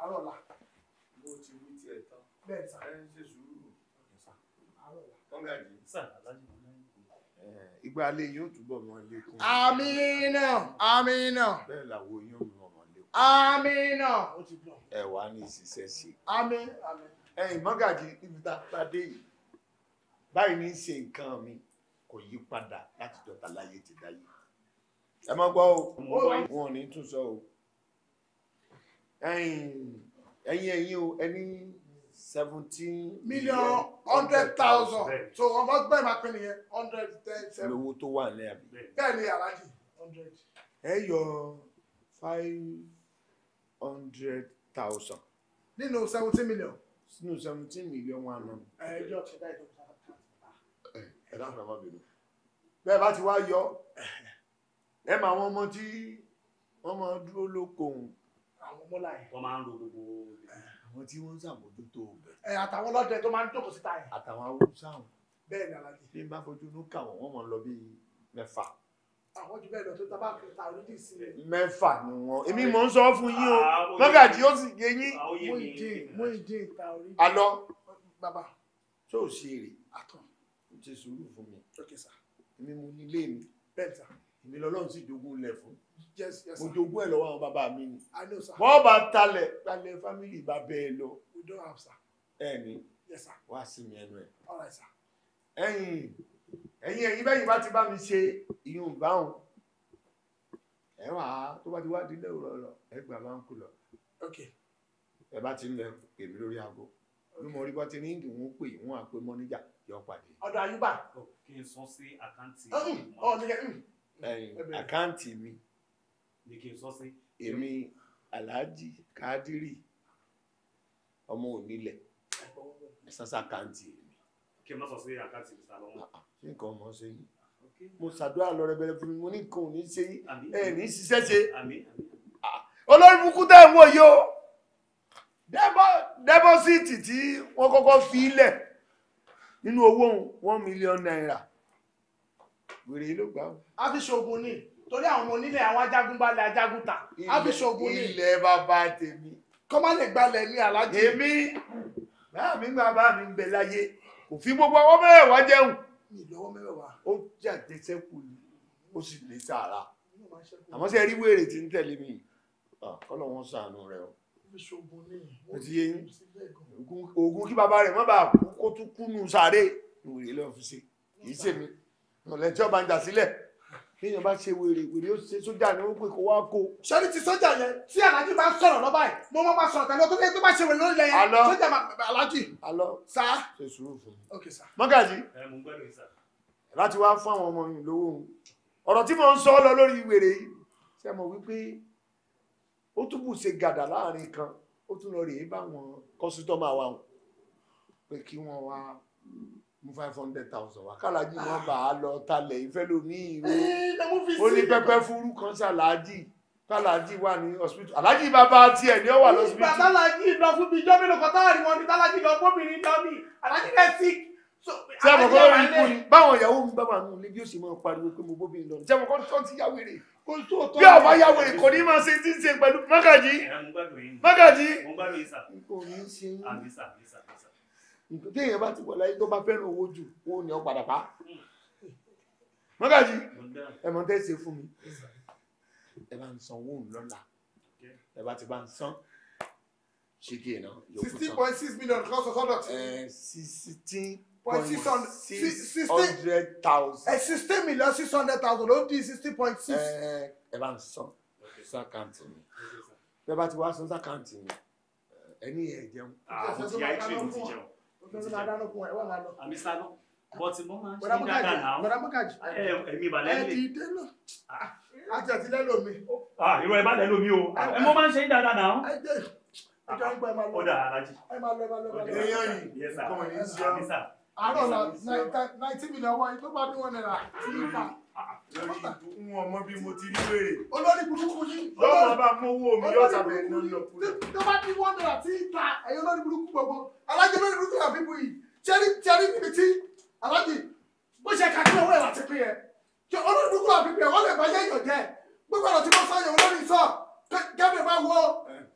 F: àárọ̀ bẹ́ẹ̀ sà. ìgbà alẹ́ yóò túbọ̀ mọ́ lékún. àmínà àmínà. bẹ́ẹ̀ làwọn yóò mọ̀ mọ́ lékún. àmínà. ẹ wàá ní ìṣiṣẹ́ sí i. àmín mọ́gàjì ibi tá a yìí báyìí ní ṣe nǹkan mi kò yí padà láti dọ̀tà láyé ti dáyé ẹ má gbọ́ o wọn ò ní tún sọ o ẹ̀yin ẹ̀yin o ẹni seventeen million hundred thousand so ọmọ gbẹ́ máa pín nìyẹn hundred ten seven. owó tó wà nílẹ̀ àbí. bẹ́ẹ̀ ni aláàjì hundred. ẹ yọ five hundred thousand. nínú seventeen million. nínú seventeen million wà nù. ẹ jọ ṣẹdá ìjọba. ẹ dáhùn ọmọ bìnú. bẹ́ẹ̀ bá ti wá yọ ẹ máa wọn ọmọ tí wọ́n máa dúró lóko òun. àwọn ọmọ láyé. wọ́n máa ń ro gbogbo àwọn tí wọ́n ń ṣàmójútó ọbẹ̀. ẹ àtàwọn ọlọ́dẹ tó máa ń jókòó síta yẹn. àtàwọn haúsá wọn. bẹ́ẹ̀ ni alájí. bí n bá fojú inú kà wọ́n wọ́n mọ̀ lọ bí mẹ́fà. àwọn jù bẹ́ẹ̀ lọ tó tábà kẹta lódì sílẹ̀. mẹ́fà ni wọ́n èmi mò ń sọ fún yín o ah, mọ́gàjì ó sì gé yín. mú ìdí mú ìdí ìta orí. alọ. bàbá. tó o ṣe èrè. àtọ̀. o ti sùúrù fún mi. ó kẹsà. èmi mo ní ilé mi. bẹ́ẹ̀ èmi lọ́lọ́run sì jogún ilẹ̀ fún mo jogún ẹ̀ lọ́wọ́ àwọn bàbá mi ni wọ́n bá talẹ̀ talẹ̀ fámìlì bá bẹ́ẹ̀ lọ ẹ̀ wá sí mi ẹnu ẹ̀ ẹ̀yìn ẹ̀yìn ẹ̀yìn bẹ́yìn bá ti bá mi ṣe ìyún báwọn ẹ wà á tó bá ti wá dílé òrọ̀ lọ ẹ gbà máa ń kú lọ ẹ bá ti ń lẹ èmi lórí aago bí mo rí bá ti ní ìdùnnú pé ìwọ̀n àpé mọ́níjà yọ pàdé. ọ̀dọ̀ àyùbá. kí n sọ sí àkáǹtì. ọ̀ ọ̀ nìyẹn àkáǹtì mi èmi alhaji kadiri ọmọ onílẹ̀ sasa àkáǹtì mi. kí n lọ sọ sí àkáǹtì mi sàlọ́mù. Ah, ah, nǹkan ọmọ ṣe yìí mo ṣàdúrà lọ rẹbẹrẹ fún mi mo ní nǹkan ò ní ṣe yín ẹ ní ṣiṣẹ́ ṣe ah, olórí burúkú tẹ́ ẹ̀ ń wò yìí o dẹ́bọ́sìtì tí wọ́n kọ́kọ́ fi í lẹ̀ nínú owó one million naira wèrè yìí ló gbà ó. a fi ṣoògùn ni torí àwọn ọmọ onílẹ̀ àwọn ajagunbalẹ̀ ajagunta a fi ṣoògùn ni. ilẹ̀ bàbá tèmi. kọ́má lè gbalẹ̀ ní alájí. èmi báà mi gbà bá mi bẹ láyé kò fi gbogbo ọwọ́ mẹ́wàá jẹun. ìlọ́wọ́ mẹ́wàá. ó jáde sẹ́kù ni ó sì lè sàrà àmọ́ sí ẹrí wèrè tí ń tẹ̀lé mi kọ́lọ̀ wọn sàánú rẹ o. mo ti yé oògùn kí bàbá rẹ̀ má bàa kú kó tún kúnnú sáré ìwòye lọ́ọ́ fi kì í ṣèmi ọ̀lẹ́ tí ọba ń jà sílẹ̀ léèyàn bá ṣe wèrè wèrè ó ṣe sójà ni ó pè kó wá kó. sọ́ni ti sójà yẹn tí aláàjì bá sọ̀rọ̀ lọ́ba yìí mo máa ma sọ̀rọ̀ tẹ̀lé tó fẹ́ tó bá ṣe wèrè lórí lẹ́yìn sójà aláàjì. alọ sa ṣe sùúrù fún mi. ok sa. mọ́gàjì láti wá fún àwọn ọmọ yìí lówó òun ọ̀rọ̀ tí mo ń sọ lọ lórí wèrè yìí ṣe mọ̀ wípé ó túbù ṣe gàdà láàrin kan ó tún lọ rèé báwọn kọ́sítọ́mà wa pé kí wọ́n wá mú five hundred thousand wá kálájì wọn ah. bá a lọ talẹ̀ ìfẹ́ lómi ìró eh, ó ní pẹ́pẹ́ fúrú kan ṣàlájì kálájì wà ní hospital alájì bàbá tiẹ̀ ni ó wà lọ́sibítù. ìgbà tálájì lọ fún mi jọ́ mélòó kan táwọn ìwọ̀n ní tálájì lọ gómìnir lọ ní alájì rẹ̀ sick.
D: tí a mọ̀ kọ́ lórí ikú ni
F: báwọn ìyàwó mi bá wà nù ní bí o sì máa pariwo pé mo bóbi lọ tí a mọ̀ kọ́ tó ti yáwèrè bí ọba yáwèrè kò ní máa ṣe tí ń ṣe pẹ̀lú mágàjì mágàjì. mo ń gbàdúrà yín sà nǹkan téèyàn bá ti wọ̀ láyé tó bá fẹ́ràn owó jù ó ní ọ padà pa
E: mọ́gàjì ẹ mọ̀ tẹ́ ṣe
F: fún mi ẹ bá ń san owó ńlọ́la ẹ bá ti bá ń san ṣíkì iná yòókù san ẹ bá ti wá san sákàǹtì mi ẹ ní ìyẹn àwọn ah, ti yá ìtìrì ti jẹun òfin máa dáná fún ẹ wà máa lọ. àmì sálọ bọ́tì mo máa ń ṣe dáadáa náà bọ́dà mọ́kàjì ẹ̀mí ìbàlẹ̀ lè. ẹ ti dé lọ àti àti ìrọ̀ ẹ̀ bá lẹ́lò mi o ẹ mo máa ń ṣe dáadáa náà. ẹ jẹ́ ìjọ ń gbọ́ ẹ máa lọ. ọ̀dà alájì. ẹ máa lọ ẹ máa lọ. èèyàn yìí kọ́mọ̀nì ń million wáyé tó bá dún lórí ìbùkún ọmọ bí mo ti rí wèrè. olórí burúkú yìí. lọ́wọ́ bá mú owó mi yọ̀ọ̀ta bẹ̀rẹ̀ náà lọ. tó bá ní wọ́n dọ̀rọ̀ tí ń ta ẹ̀yọ́ olórí burúkú gbogbo alájẹ olórí burúkú yà bíbu yìí tẹ́rí tẹ́rí níbi tí alájẹ bó ṣe kàkí owó ẹ̀ láti pín yẹn. kí olórí burúkú yà bíbu yẹn wọ́n lè bá yẹ èèyàn jẹ gbogbo ọ̀rọ̀ tí mo sọ yẹn olórí sọ gẹ́gẹ́ bá wo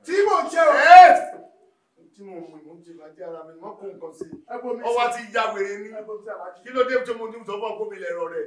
F: tí mò ń ṣe o tí mo mọ ìmọ̀ ti bàjẹ́ ara mi mọ́ kó nǹkan sí i. ọwọ́ ti ya wèrè ni kí ló dé tó mo ní sọ fún ọkọ mi lẹ́rọ rẹ̀.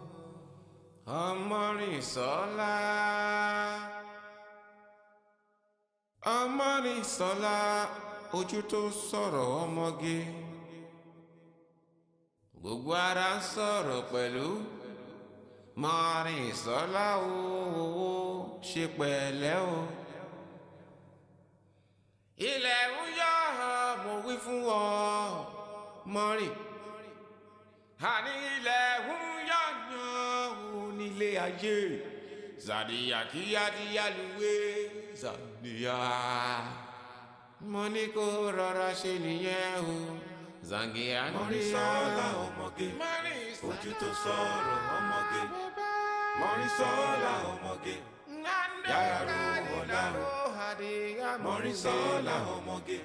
D: Amari Ọmọrìnsọ́lá ojú tó sọ̀rọ̀ ọmọge gbogbo ara ń sọ̀rọ̀ pẹ̀lú Mọ̀rìnsọ́lá owó ṣe pẹ̀lẹ́ o ilẹ̀ ń yọ mo wí fún ọ mọ́rìn àní ilẹ̀ ń yọ̀yàn ilé ayé zàdìyà kíyá díyà lúwé zàdìyà mo ní kó rọra ṣe nìyẹn o zangia mọ̀rísọ́lá ọmọge ojú tó sọ̀rọ̀ ọmọge mọ̀rísọ́lá ọmọge yàrá ro ọ̀la o mọ̀rísọ́lá ọmọge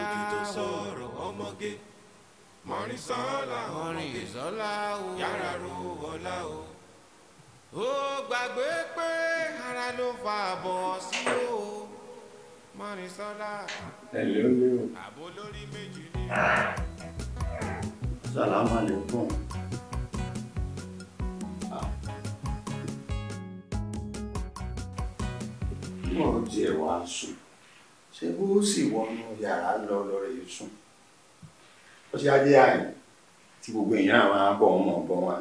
D: ojú tó sọ̀rọ̀ ọmọge mọ̀rísọ́lá ọmọge yàrá ro ọ̀la o ó gbàgbé pé ara ló fa àbọ̀ sí o
F: mọ́nisọ́lá
D: àbò lórí méjì ni.
F: sàlámù alẹ́kùn. mo ò tiẹ̀ wá sùn ṣé bó sì wọnú yàrá lọ lọ́rẹ̀ sùn ó ṣe ajé àyè tí gbogbo èèyàn àwọn abọ́ wọn mọ̀ bọ́ wọn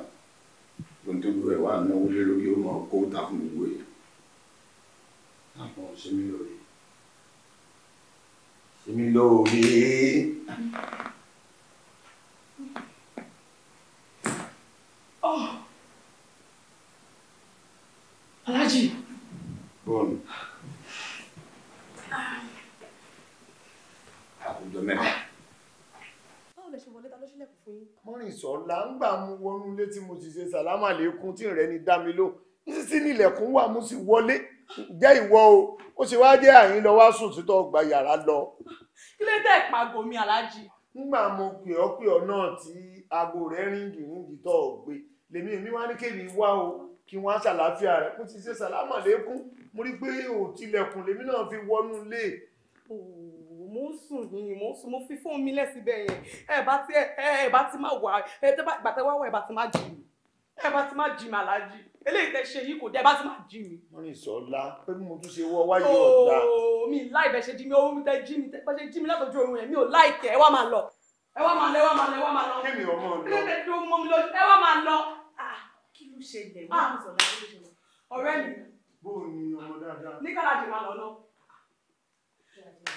F: gbọ̀ntòlù ẹ̀ wà náwó lé lórí ó máa kó ta fún gbogbo yẹn àpò sẹ́mi lórí sẹ́mi lórí.
E: Oh.
A: Alhaji.
F: Bọ́ọ̀lù. fún yín. Mọ́rìnsọ́lá ń gbà mú wọnú ilé tí mo ti ṣe sàlámà lẹ́kún tí ìrẹ́ni dá mi lò títí nílẹ̀kùn wà mo sì wọlé jẹ́ ìwọ o ó ṣe wá jẹ́ àyín lọ wá sùn títọ́ gba yàrá lọ. kílé tẹ́ ìpàgọ́ mi aláàjì. nígbà mo pè ọ́ pè ọ́ náà tí aago rẹ̀ ríngì ríngì tó o gbé lèmi mi wá ní kéde wá o kí wọ́n á ṣàlàáfíà rẹ̀ kó ti ṣe sàlámà lẹ́kún mo rí pé ò tilẹ̀kùn lèmi náà fi wọnú ilé
A: mo ń sùn ni mo ń sùn mo fi fóònù mi lẹ́sìn bẹ́ẹ̀ yẹn ẹ bá ti ẹ bá ti má wà ẹ bá tẹ wá wà ẹ bá ti má jì mí ẹ bá ti má jì mí aláàjì eléyìí tẹ ṣe yìí kò dé ẹ bá ti má
F: jì mí. wọ́n ní sọ́lá pé bí mo tún ṣe wọ́ wáyé ọ̀dà.
A: ooo mi láì bẹ́ẹ̀ ṣe jí mi owó mi tẹ jí mi tẹ bá ṣe jí mi látọjú òun yẹn mi ò láì ẹ wá máa lọ
F: ẹ wá máa lọ ẹ wá máa lọ ẹ wá máa lọ. kí ni ọmọ
A: lọ. ẹ wá máa lọ. Ah, kí ló ṣe lẹ̀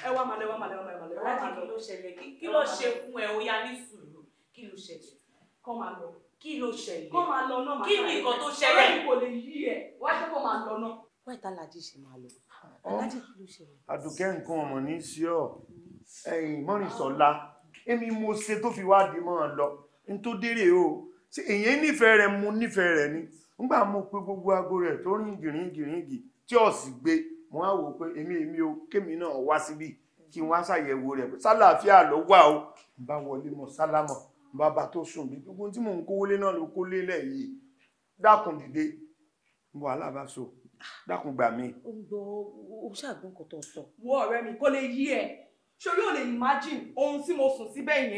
A: ẹ wá màlẹ wá màlẹ wá màlẹ wá màlẹ kí ló ṣẹlẹ̀ kí ló ṣe fún ẹ ó yá ní sùúrù kí ló ṣẹlẹ̀ kọ́ máa lọ kí ló ṣẹlẹ̀ kọ́ máa lọ náà kí ni nǹkan tó ṣẹlẹ̀ ọ̀rẹ́ kò lè yí ẹ wá ṣe kó máa lọ náà. wọ́n ìta làjì ṣe máa lọ alájì kí ló
F: ṣẹlẹ̀. àdùkẹ́ nǹkan ọmọ ní sí ọ ẹ̀yìn mọ́rìnsọ̀la èmi mo ṣe tó fi wádìí mọ́ ọ lọ n tó dérè o ṣe èyàn nífẹ̀ẹ́ rẹ̀ mo nífẹ̀ẹ́ rẹ̀ ni ngbà mo pe gbogbo aago rẹ̀ tó rìn gìrìngìrìngì tí ò gbé wọ́n á wò pé èmi èmi o kémi náà wá síbí kí wọ́n á ṣàyẹ̀wò rẹ̀ sálàáfíà ló wà o bá wọlé mọ̀ sálámọ̀ bàbá tó sùn mí gbogbo tí mò ń kówólé náà ló kólé lẹ̀ yìí dákun dìde wàhálà bá so gbà mí.
A: ó ó ṣàgbọ́n kò sọ. wo ọ̀rẹ́ mi kó yí ẹ ṣé imagine ohun tí mo sùn síbẹ̀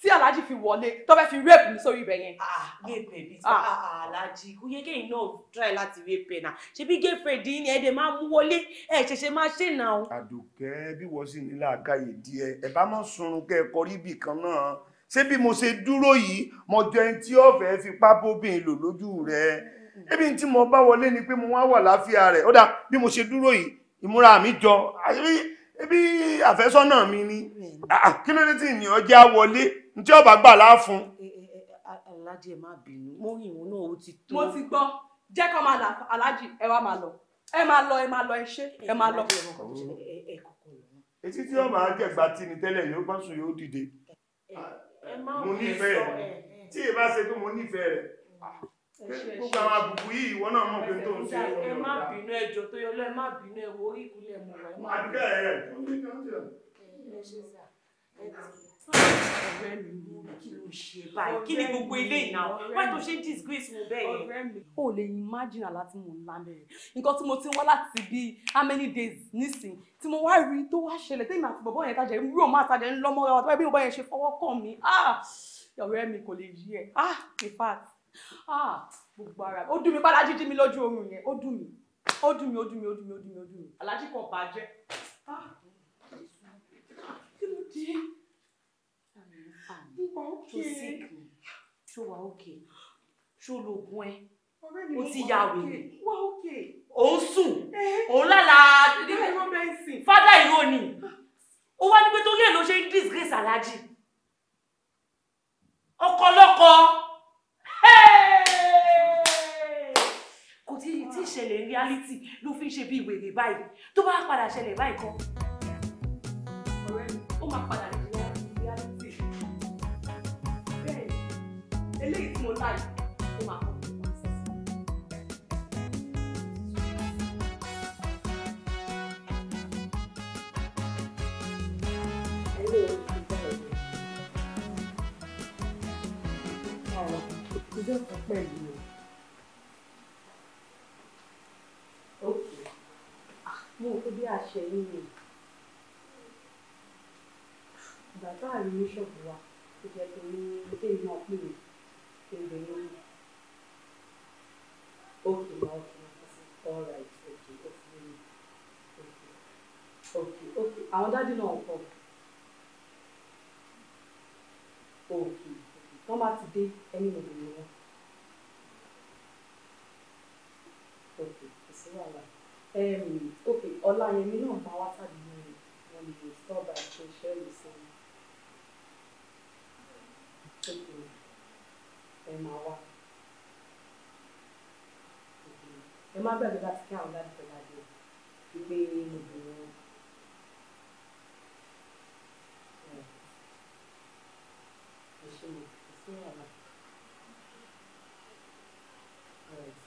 A: tí aláàjì fi wọlé tó fẹ́ fi rape mi sórí ibẹ̀ yẹn. rape bíi aláàjì kò yẹ kéyìn náà try láti rape náà ṣebí girlfriend ni ẹ̀ẹ́dẹ̀ máa mú wọlé ẹ̀ ṣẹ̀ṣẹ̀ máa ṣe nà o.
F: àdùkẹ́ bí wọ́n sì ní làákàyè díẹ̀ ẹ̀ bá má sunrun kẹ́ ẹ kọrí ibì kan náà ṣé bí mo ṣe dúró yìí mo jẹ ẹni tí ọ̀fẹ́ fipá bóbìn lò lójú rẹ̀ ebi tí mo bá wọlé ni pé mo wá wà láfíà rẹ̀ ó dà bí mo ṣe dúró yìí ìmúra mi jọ àyè ebi àfẹ́sọ́nà mi ni ah, ah, kí ló dé tí ní ọjà wọlé tí ọba gbà láàfún.
A: Eh, eh, eh, aláàjì ẹ má bínú mo rìn òun náà ó ti tó. mo ti gbọ́ jẹ́ kó máa là aláàjì ẹ wá máa lọ ẹ máa lọ ẹ
F: máa lọ ẹ ṣe ẹ máa lọ. etí tí ọba àjẹgbà tí ni tẹ́lẹ̀ yóò bá sùn yóò dìde mo nífẹ̀ẹ́ rẹ̀ tí ì bá ṣe pé mo nífẹ̀ẹ́ rẹ̀. Ah, gbogbo àwọn àbùkù yìí ìwọ náà mọ̀ pé tó ń ṣe ọmọ ẹ má
A: bínú ẹjọ́ tó yọ lọ
F: má bínú ẹwọ orí ìkúlẹ̀ mọ̀ ẹ má bínú ẹ rẹ ọ̀rẹ́ mi kí ló
A: ṣe báyìí kí ni gbogbo ilé ìnáwó wáyé tó ṣe disgrace mo bẹ́ẹ̀ yẹn. ọ̀rẹ́ lè imagine àlá tí mo ń lá mẹ́rin nǹkan tí mo ti ń wá láti bíi how many days nísìn tí mo wá rí tó wá ṣẹlẹ̀ tẹ́yìn àti bọ̀bọ̀ yẹn tajẹ̀ rú òun àtàjẹ̀ ńlọ́mọ́ra wà tó bá yẹ bí bọ̀bọ̀ yẹn ṣe fọwọ́ kàn mí ah! ọ̀rẹ́ mi kò lè yí ẹ̀ ah in fact Ah, gbogbo ara ó dùn mí bá alájí dí mi lójú oorun yẹn ó mi. mí ó dùn mí ó mi. mí ó dùn mí ó dùn mí ó dùn mí alájí kan bàjẹ́ ah, kí ló dé wà ókè ṣó wà ókè ṣó lóògùn ẹ ó ti ya wèrè Wa okay. òun sùn òun lála fádà ìró ni ó wá ní pé torí ẹ̀ ló ṣe disgrace alájí ọkọ lọ́kọ. tí tí ìṣẹ̀lẹ̀ reality ló fi ń ṣe bí ìwèrè báyìí tó bá padà ṣẹlẹ̀ báyìí kan ọ̀rẹ́ mi ó máa padà ní
C: reality
A: bẹ́ẹ̀ eléyìí tí mo láyìí ó máa kọ́. Ìjọba pẹ̀lú ṣe yín ìgbà tá à ń ní ṣọ́ọ̀bù wa ó jẹ́ pé ní kéèyàn náà pè mí pé mi ló ń òkè máa òkè máa fún all right òkè ó fún mi òkè òkè òkè àwọn dájú náà ń pọ̀ òkè wọ́n bá ti dé ẹni òkè ni wọ́n òkè kò sí wàhálà ok ọláyẹmí náà máa wá tàbí mi rè wọn lè lè sọ ọba àti iṣẹ́ mi sí i ok ẹ máa wá ẹ má gbàgbé láti kí àwọn dáàbò tẹ̀lé àjọ
E: wípé mo bèrè wọn.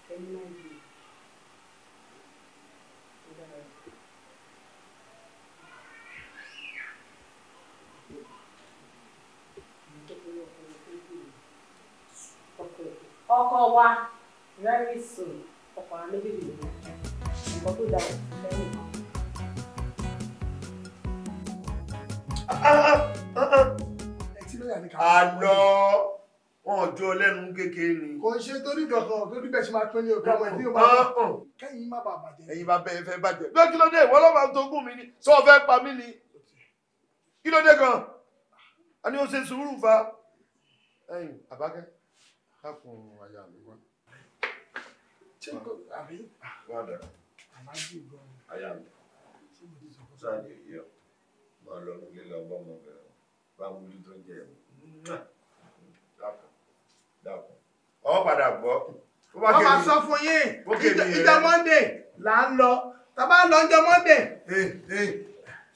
A: Thank you. ọkọ wa very soon ọkùnrin ló bèbè lọ nǹkan tó dáa
F: lẹ́yìn kan. àlọ wọn jọ lẹ́nu kékeré ni. kò ṣe torí kankan torí bẹ́ẹ̀ ṣe máa pín ní ọgbà wọn ọgbà kẹ́yìn má bàa bàjẹ́. ẹ̀yin bá bẹ fẹ́ bàjẹ́. bí kí ló dé ìwọ ọlọ́pàá tó gùn mí ni sọ fẹ́ pa mí ni kí ló dé gan-an a ní o ṣe sùúrù fa ẹ̀yin àbákẹ́ dákun àyà mi wá. ṣé kò àbí. wọ́n dà. àlájú ìgbọ́n. àyà mi. ṣé mo ti sọ fún mi. sáà ni yọ máa lọ nílé lọ bọ́ ọmọ bẹ̀rẹ̀ bá wúlú tó jẹ ẹ̀ dákun dákun ọwọ́ padà gbọ́. wọ́n máa sọ fún yín ìjọ monday là ń lọ tàbá lọ ń jọ monday.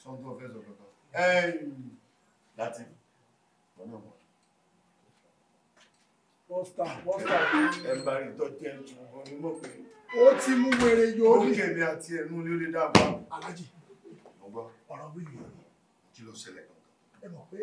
F: sọ́ńtò fẹ́ sọ̀rọ̀ kan. láti ọ̀nà mọ́ pọ́stà pọ́stà ẹ̀bàrí tọ́jẹ́ onímọ̀ pé. ó ti mú wèrè yóò ní. ó kèmí àti ẹnu ní ó lè dáàbò. alájì ọ̀rọ̀ wí yìí. kí ló ṣẹlẹ̀ kankan. ẹ mọ̀ pé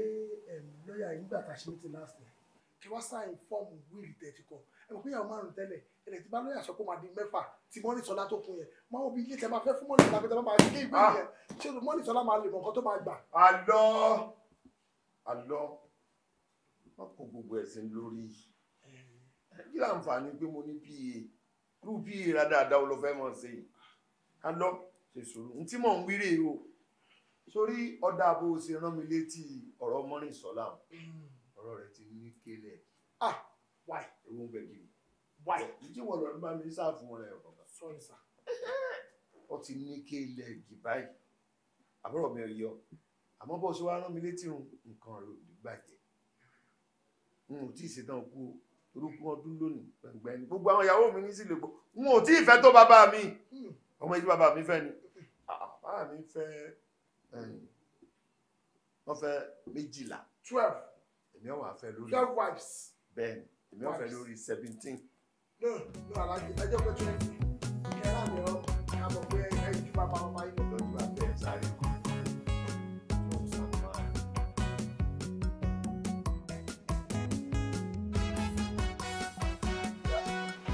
F: lọ́ọ̀yà yìí gbà tá a ṣe mí ti last year kí wọ́n sáyìn fọ́ọ̀mù wíìlì tẹ̀tí kọ ẹ mọ̀ pé ìyàwó márùn tẹ́lẹ̀ ẹ̀rẹ̀ tí bá lọ́ọ̀yà sọ pé máa di mẹ́fà tí mọ́nì sọlá tó kún yẹn máa wọ́n bí ilé tẹ máa fẹ́ fún mọ́nì sọlá tẹ máa gé ìwé ah! yẹn ṣé mọ́nì sọlá máa lè mọ̀ nǹkan tó máa gbà. àlọ́ àlọ́ wọn kò gbogbo ẹ̀sìn lórí yìí kí láǹfààní pé mo ní pa irú pa rádáadáa ló fẹ́ mọ̀ sí i kálọ́ ṣe sòrò ntí mò ń wíre o sórí ọ̀dà bó o ṣe rán mi létí ọ̀rọ̀ mọ́rin sọ́lá ọ̀rọ̀ rẹ̀ ti ní kélẹ̀ ah why ewu ń bẹ gidi why ìdí wọn lọ bá mi sáà fún wọn lẹ́yìn ọ̀kan sorry sir ó ti ní kélẹ̀ gì báyìí àbúrò mi ò yọ àmọ́ bó o ṣe wá rán mi létí nǹkan rẹ̀ ò ní bàjẹ́ n ò tí ì ṣetán kú o orúkún ọdún lónìí gbẹ̀ngbẹ̀ ni gbogbo àwọn ìyàwó mi ní sí lèpo n ò tí ì tó bàbá mi ọmọ ìdí bàbá mi fẹ́ ni ah, bàbá mi fẹ́ wọ́n fẹ́ méjìlá twelve èmi ò fẹ́ lórí twelve wives bẹ́ẹ̀ èmi ò lórí seventeen. no no ẹjọ́ pé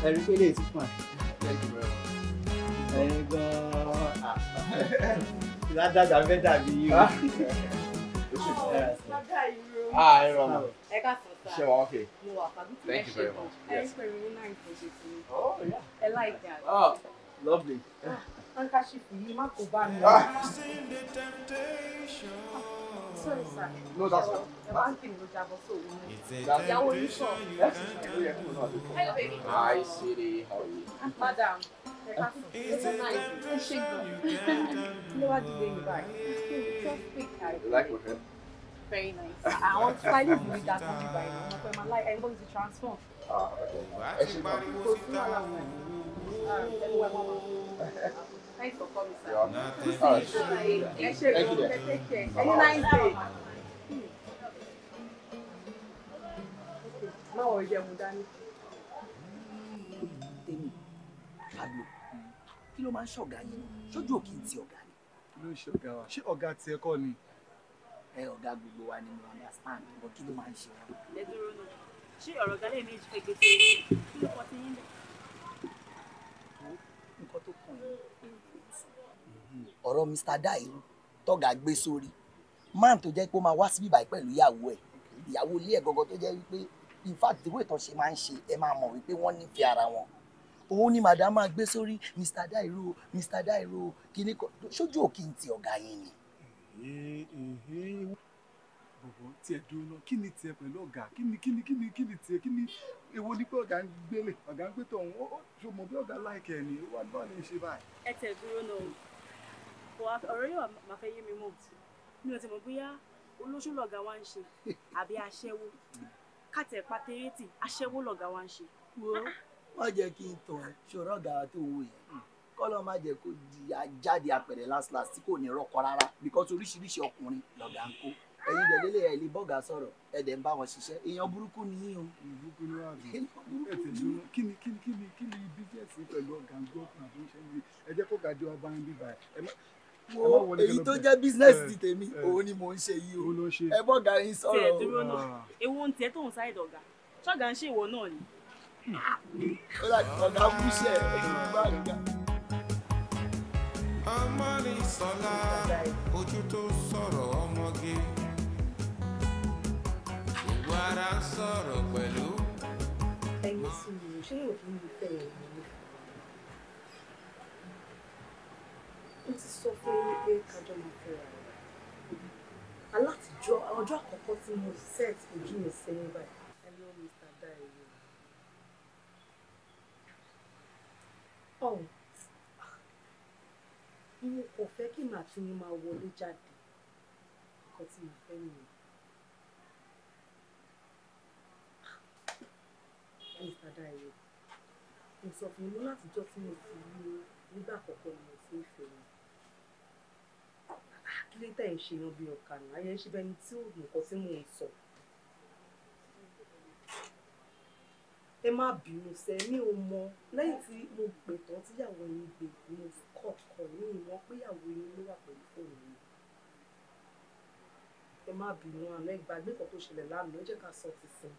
B: ẹ̀rí pé lè ti fún ẹ. ẹ̀yin gan-an
F: ah, ah.
B: ládàgbà fẹ́ dàbí yìí o. ah,
F: ah ẹ rọrùn. ẹ ká sọ sáà. ṣé wàá ok. mo wà pàbí tí ẹ ṣe tán
E: ẹ rí pẹ̀lú
C: ní náà ìfọ̀jẹ̀ sí mi. ẹ láì dà. oh lovely. handkerchief
A: yìí má kó bá
C: mi sorry sir.
B: No,
A: that's fine. One thing ló jábọ́ sí
B: òun náà. Ìyàwó Hi sweetie, how are you?
A: Madam, ẹ̀ka sùn. It's nice. Ó ṣe gan. Ló wá You like my hair? Very nice.
D: I want mi dá sí ìgbà yìí. Mo
A: fẹ́ máa like everybody to transform.
D: Ah, okay. Ẹ ṣe máa ń kó sí àwọn ọmọ.
A: Ẹ Thanks for coming,
C: sir. Yeah. No, thank you. Right. Thank you. Thank you. Take care. Have a nice day.
B: Máa hmm. wọ̀ jẹun dání. Tèmi, Fábio, kí ló máa ń ṣọ̀gá yìí? Ṣojú òkè ti ọ̀gá ni. Kí ló ń ṣọ̀gá wa? Ṣé ọ̀gá ti ẹ̀kọ́ ni? Ẹ ọ̀gá gbogbo wa ni mo understand, but kí ló máa ń ṣe wọn? Ẹ dúró náà. Ṣé ọ̀rọ̀ gálẹ̀ méjì fẹ́ gbé sí i? Kí ló kọ́ sí yín bẹ́ẹ̀? nǹkan tó kàn yín ọ̀rọ̀ Mr. Dairu tọ́gà gbé sórí man tó jẹ́ pé ó máa wá síbí báyìí pẹ̀lú ìyàwó ẹ̀ ìyàwó ilé ẹ̀ gọ́gọ́ tó jẹ́ wípé in fact the way ìtàn ṣe máa ń ṣe ẹ máa mọ̀ wípé wọ́n nífẹ̀ẹ́ ara wọn òun ni madam máa gbé sórí Mr. ro, Mr. Dairu
F: kíní kan sójú òkè ń ti ọ̀gá yín ni. bọ̀bọ̀ tí ẹ dúró náà kí ni tiẹ̀ pẹ̀lú ọ̀gá kí ni kí ni kí ni kí ni tiẹ̀ kí ni èwo ni pé ọ̀gá ń gbélé ọ̀gá ń gbé tọ̀hún ó ṣo mọ̀ bí ọ̀gá láìkẹ́ ni wà bá lè ṣe báyìí.
A: ẹ tẹ̀ dúró náà kò ọ̀rọ̀ yóò máa fẹ́ yé mi mọ̀ tí mi ò ti mọ̀ bóyá olóṣù lọ̀gá wa ń ṣe àbí aṣẹ́wó kàtẹ́ pàtẹ́rẹ́tì aṣẹ́wó lọ̀gá wa ń ṣe.
B: wọ́n jẹ́ kí n tọ̀ ẹ́ ṣòro ọ̀gá wa tó wù yẹn hmm. kọ́lọ́ má jẹ́ kó di ajáde àpẹẹrẹ last last tí kò ní rọ́kọ rárá because oríṣiríṣi ọkùnrin lọ̀gá ń ẹ̀yin dẹ̀ lélẹ̀ ẹ̀ lè bọ́gà sọ̀rọ̀ ẹ̀ dẹ̀ ń bá wọn ṣiṣẹ́ èèyàn
F: burúkú ni yín o. burúkú ni wàá bí ètò ìṣúná kí ni kí ni kí ni kí ni bíjẹ́sì pẹ̀lú ọ̀gá gbọ́ fún àbúṣe mi ẹ jẹ́ kó gàdí wa ń bí báyìí wo èyí tó jẹ́ business ti tèmi òun ni mò ń ṣe yìí o ẹ
B: bọ́gà yín sọ̀rọ̀ o. dúró náà ah.
A: ewu ń tiẹ̀ tó ń ṣáìdì ọ̀gá ń ṣe ìwọ náà ni.
D: Ah. ó dà ọ̀gá búṣẹ̀ ìgbà ìgbà. ọmọ ní sọlá ojú tó sọ̀rọ̀ ọmọge ara ń sọ̀rọ̀ pẹ̀lú.
E: ẹyin sì mo
A: ti sọ
C: fún yín pé kájọ
A: máa fẹ́ra rẹ̀ alátijọ́ ọjọ́ àkọ́kọ́ tí mo set ojú mi sẹ́yìn báyìí. hello mr dayo. ọ̀hún oh. mo kò fẹ́ kí màá tún máa wọlé jáde nǹkan tí mo fẹ́ nìyẹn. Mr. Dayo mo sọ fún yín látijọ́ tí mo ti rí o nígbà àkọ́kọ́ ni mo ti ń fẹ́ wọn ah, kí ló tẹ̀ ń ṣe yan bí ọ̀kànà ayé ń ṣe bẹ́ni tí ò nǹkan tí mò ń sọ. ẹ má bínú sẹ mi ò mọ lẹ́yìn tí mo pè tán tíyàwó yín gbé mo kọkọ ní ìwọn péyàwó yín ló wà pẹ̀lú fóònù mi ẹ má bínú àná ẹ gbàgbé kan tó ṣẹlẹ̀ lánàá ẹ jẹ́ ká sọ ti sìn.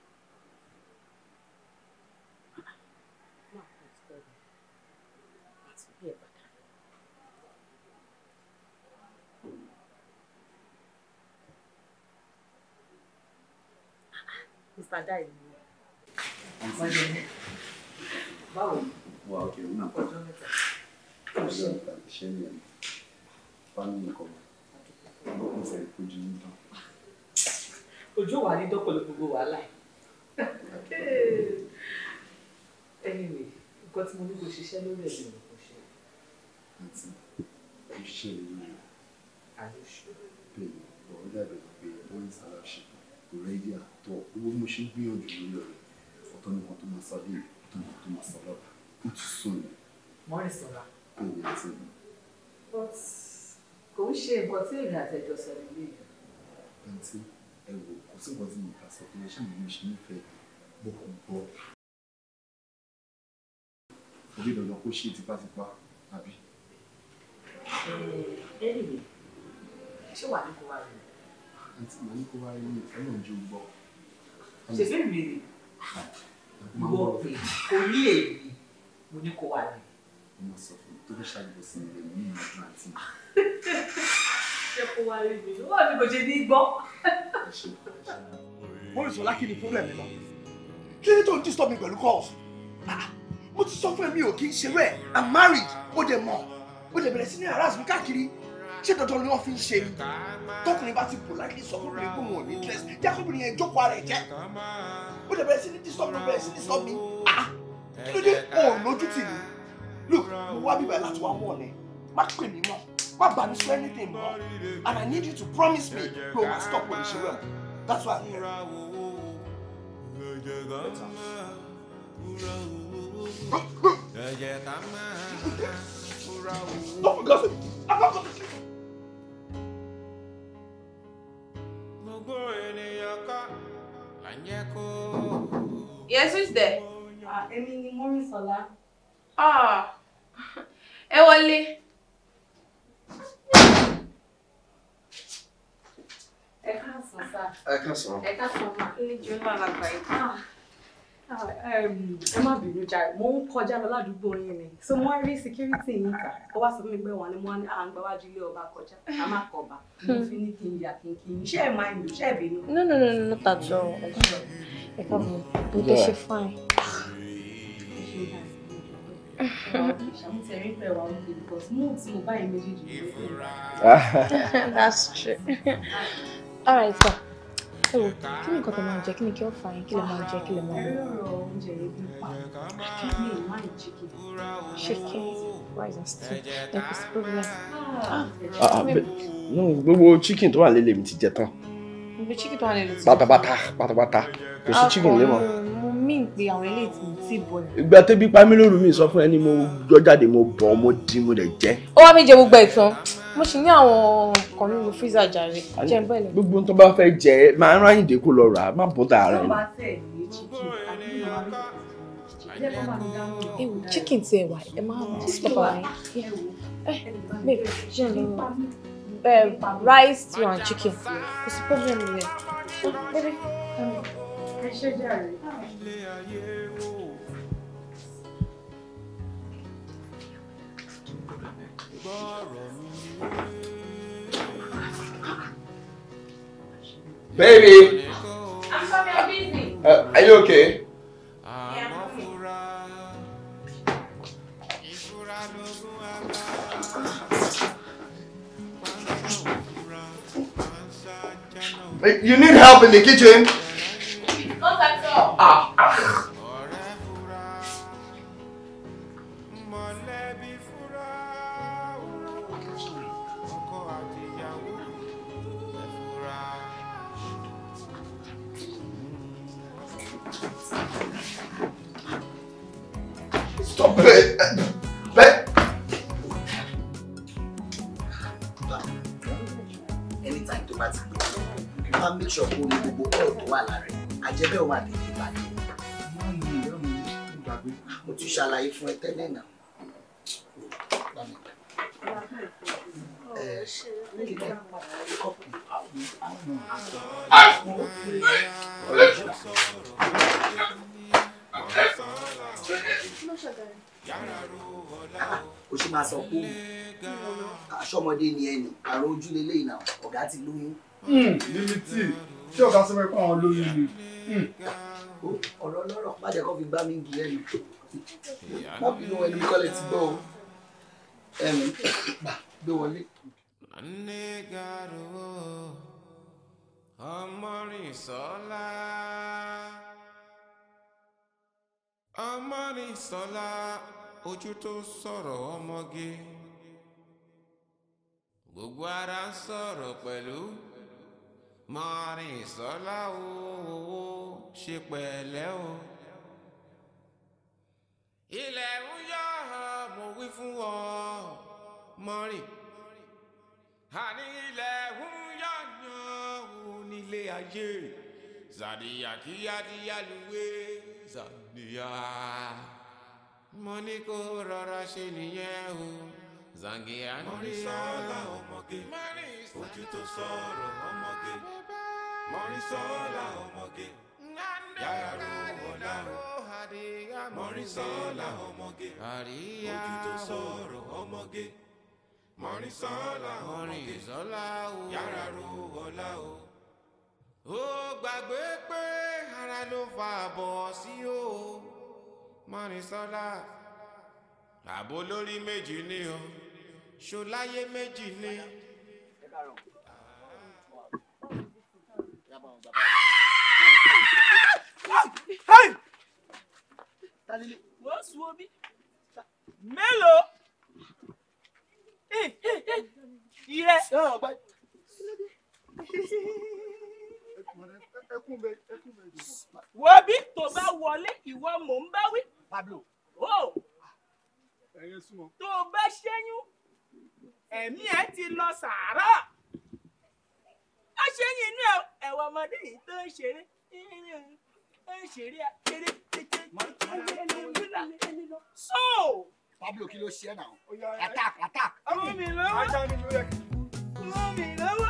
A: Mr. Dai ni.
B: Báwo ni? Wà òkè ní àpá. Ọjọ́ mẹ́ta. Ọjọ́ mẹ́ta ṣé ní ẹ̀ fáwọn nǹkan mọ̀. Mo fẹ́ kojú ní tán.
A: Ojú wa ní dọ́pọ̀lọ́ gbogbo wàhálà. Anyway, nǹkan tí mo ní kò ṣiṣẹ́ lórí ẹ̀ ni mo kò ṣe.
B: Àǹtí, kò ṣe èyí. Àyè ṣe. Bẹ́ẹ̀ni, ọ̀rọ̀ dàbí pé wọ́n ń sára ṣe rẹ́dí àtọ̀ owó mo ṣe gbìyànjú lórí ọ̀rẹ́ ọ̀tọ̀ ni wọ́n tó máa sáré ọ̀tọ̀ ni wọ́n tó máa sáré ó ti sùn ni. Mọ́rìnsọ̀lá. kò ní ti ní.
A: but kò ń ṣe nǹkan tí èrè àtẹ̀jọ sọ nílé yìí.
F: àǹtí ẹ wò kò sí nǹkan tí mo kà sọ pé ṣé àwọn oṣù nífẹ̀ẹ́ bọ̀ kò gbọ́. orí dandan kó ṣe tipátipá àbí.
B: ẹnìyẹn ṣé wàá ní kó wá rẹ̀
F: àǹtí màá ní kó wá rí mi
B: ìfẹ́ náà ju gbọ́. ṣèbí mi rè wọ pé kò ní èyí mo ní kó wá rí. mo máa sọ fún tó fẹ́ ṣàgbọ̀ sí mi ní ìlú àǹtí
F: ṣé kó wá rí mi wọ́n mi kò ṣe ní gbọ́. mo rìn sọlá kí ni problem mi lọ kí ni tó ń disturb mi pẹ̀lú calls ah, mo ti sọ fún ẹ mi ò kí ń ṣerú ẹ i'm married ó dẹ̀ mọ̀ ó dẹ̀ bẹ̀rẹ̀ sí ní harass mi káàkiri ṣé dandan ni wọ́n fi ń ṣe ni tọkùnrin bá ti politely sọ fún obìnrin pé wọn ò ní dress jẹ́ kóbìnrin yẹn jókòó ara ẹ̀ jẹ́ ó lè bẹ̀rẹ̀ sí ní disturb ló bẹ̀rẹ̀ sí ní disturb mi ah kí ló dé o ò lójú tì look mo wá bíbẹ̀ láti wá wọ̀ ni má pè mí mọ́ má bà mí sọ anything mọ́ and I need you to promise me pé o máa stop pẹ̀lú ṣe wẹ̀
D: that's why I'm here. Don't forget I'm not going to.
C: Yes, who's there? Ah, èmi ni Mọ́rìnsọ́lá. Ah, ẹ wọlé.
E: Ẹ káàsán sá. Ẹ káàsán. Ẹ káàsán máa. Ilé jẹun náà lágbàáyé. Ah
A: ẹ má bínú jàre mo ń kọjá lọ ládùúgbò yín ni so mo rí security yín kà ó wá sọ fún mi pé wọn ni wọn à ń gbáwájú ilé ọba kọjá a má kọ ọba mo fi ní kí n yà kí n kí n ṣe é máa ń lò ṣe é bínú. no no no no not at all ẹ káàbọ̀ bó dé ṣe fine. Ah.
C: That's true. All right, so ẹ wò oh, kí ni nǹkan tó máa jẹ kí ni kí ó fà yín kí lè máa jẹ kí lè máa mú.
D: chicken chicken rice and stew ẹ kò problem.
F: gbogbo chicken tó wà lélẹ̀ mi ti jẹ tán.
D: gbogbo chicken tó wà
C: lélẹ̀ ti
F: jẹ tán. pátápátá pátápátá kò sí chicken lé mọ́
C: mean pé àwọn eléyìí ti ti bọ̀ ni.
B: ìgbà tẹ́bí pa mí lóru mi sọ fún ẹni mo jọ jáde mo bọ̀ mo dín mo dẹ̀ jẹ́.
C: ó wá mi jẹ gbogbo ìtàn mo sì ní àwọn nǹkan nínú fíìsà jàre jẹ bẹ́ẹ̀. gbogbo tó bá
B: fẹ́ jẹ máa ń ráyìn dínkù lọ rà á má bọ́ tà
C: rẹ̀. ewu chicken ti Chicken, ẹ máa chicken. stop ara yín ẹ babe jẹ́ ẹ lọ́wọ́ rice stew and chicken kò sí problem yẹn baby. Um, baby. I'm sorry, I'm busy.
B: Uh, are you okay? okay.
F: You need help in the kitchen.
C: Not at all.
F: Ah, ah. Stop it! But...
B: Anytime to matter, you can make sure you go all the way àjẹbẹ́ wà ní ìbàdàn. mo ti ṣàlàyé fún ẹ tẹ́lẹ̀ náà. o ṣe máa sọ pé aṣọ́mọdé ni ẹni àrùn ojú lélẹ́yìn náà ọ̀gá ti lóyún. límítì. Hmm, ṣé ọ̀gá sọ pé àwọn olóyún ni. Hmm. ọ̀rọ̀ ọlọ́rọ̀ má jẹ́ kó fi gbá mi gí ẹnu má bínú ẹni kọ́lẹ̀ ti gbọ́ o gbà gbé
D: wọlé. ọmọrìnsọ́lá ọmọrìnsọ́lá ojú tó sọ̀rọ̀ ọmọge gbogbo ara ń sọ̀rọ̀ pẹ̀lú mọ́rin sọ́lá owó ṣe pẹ̀lẹ́ o. ilẹ̀ ń yọ mo wí fún ọ mọ́rin. àní ilẹ̀ ń yọ̀yàn onílé ayé zàdíyà kíyádíyá lùwé zàdíyà. mo ní kó rọra ṣe nìyẹn o zangiya mọ́rin sọ́lá ọmọge ojú tó sọ̀rọ̀ ọmọge. Mọ́rísọ́lá ọmọge. Yàrá ọ̀la. Mọ́rísọ́lá ọmọge. Ojú tó sọ̀rọ̀ ọmọge. Mọ́rísọ́lá ọmọge. Yàrá ọ̀la o. Ó gbàgbé pé ara ló fa àbọ̀ sí o. Mọ́rísọ́lá. Àbò lórí méjì ni o. Ṣọláyé méjì ni o.
B: Eh,
A: eh, eh.
B: wọ́n sùn omi mélòó ìrẹ. wo bí tó bá wọlé ìwọ mò ń bá wí. Pablo.
F: o tó
B: bá ṣẹ́yún ẹ̀mí
A: ẹ ti lọ sàárà a ṣe ní inú ẹwà ọmọdé yìí
B: tó ń ṣeré ń ṣeré eré tètè so. Pablo kí ló ṣe náà attack attack. ọmọ mi lọ́wọ́ ọmọ mi lọ́wọ́.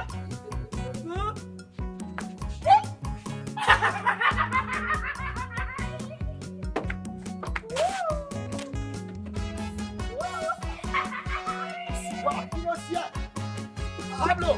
F: Pablo,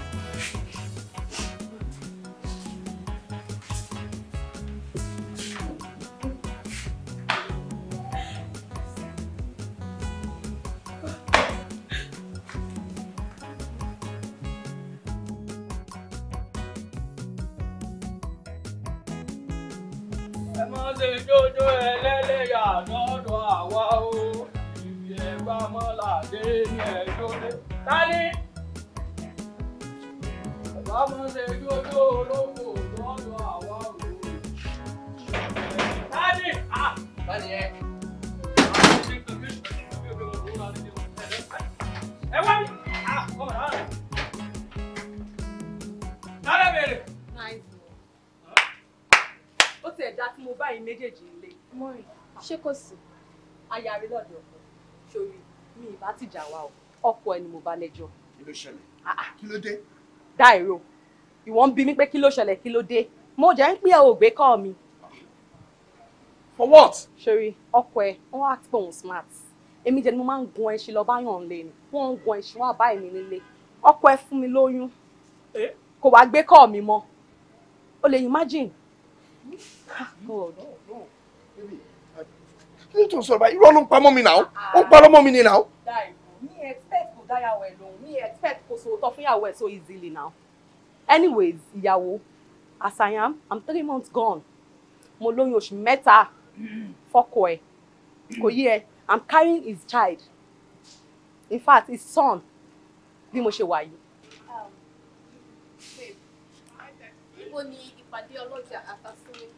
A: ṣé kò sí aya rẹ lọ́dọ̀ ọkọ sórí mi ìbá ti jà wá o ọkọ ẹni mo bá lẹ́jọ́. kí ló ṣẹlẹ̀ ah, ah. kí ló dé. dáìró ìwọ ń bi mí pé kí ló ṣẹlẹ̀ kí ló dé mo jẹ́ ń pín ògbé kọ́ mi. for what. sori ọkọ ẹ wọn á pọ̀ òun smart èmi jẹ́ ni mo máa ń gun ẹṣin lọ báyọ̀ ń lé ni wọ́n ń gun ẹṣin wá báyìí mi nílé ọkọ ẹ fún mi lóyún eh? kò wá gbé kọ́ mi mọ́ o lè
F: imagine.
B: No, hmm? ah, no, no, baby
F: kí ló tó ń sọ̀rọ̀ báyìí irọ́ ló ń pamọ́ mi náà ó ń parọ́ mọ́ mi ni náà.
A: expect kò dáyàwó ẹ lòun mi expect kò sòótọ́ fún ìyàwó ẹ so easily now anyways ìyàwó as I am I'm three months gone mo lóyún oṣù mẹ́ta fọ́kọ ẹ̀ kò yí ẹ I'm carrying his child in fact his son bí mo ṣe wà yìí. Um,
C: níbo ni ìpàdé ọlọ́jà àtàsílẹ̀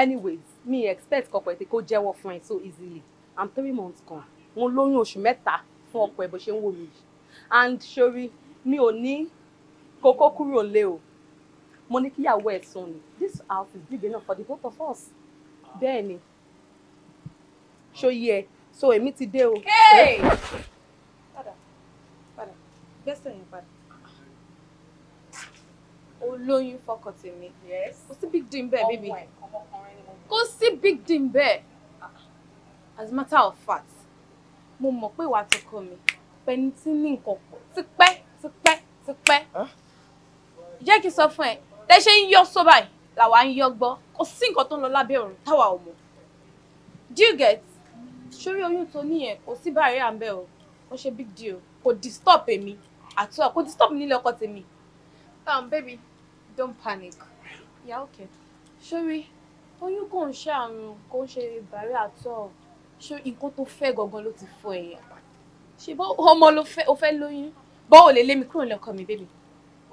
A: anyways me expect kọkọ ẹ ti kó jẹ́wọ́ fún ẹ so easily i'm three months gone mo lóyún oṣù mẹ́ta fún ọkọ ẹ bó ṣe ń wò mí yìí and sori mi ò ní kókó kúrò lé o mo ní kíyàwó ẹ sùn ni this house is big enough for the both of us bẹ́ẹ̀ ni ṣòye ẹ so èmi ti dé o.
C: padà padà gbẹ́sẹ̀ yẹn padà olóyún fọkàn tèmi kò sí big deal bẹ́ẹ̀ bíbí oh kò sí big deal bẹ́ẹ̀ as a matter of fact mo mọ̀ pé ìwà àtọkọ mi pẹ̀lú tí ní nǹkan pọ̀ tipẹ́ tipẹ́ tipẹ́ jẹ́ kí n sọ fún ẹ tẹ́ ṣe ń yọ sóbà yìí làwa ń yọ gbọ́ kò sí nǹkan tó ń lọ lábẹ́ ọ̀run táwa ò mọ̀ do you get sórí oyún tó níyẹn kò sí báyìí à ń bẹ̀ o wọ́n ṣe big deal kò disturb èmi àtúwà kò disturb nílé ọkọ tèmi. um baby Don't panic. Yeah, okay. Sorry, oyún kò ń ṣe àrùn kò ń ṣe bàárẹ àtọ ṣé nǹkan tó fẹ́ gangan ló ti fọ ẹyà ṣe bọ ọmọ ló fẹ́ o me, lóyún bọ ò lè lé mi kúrò lọkọ mi bébì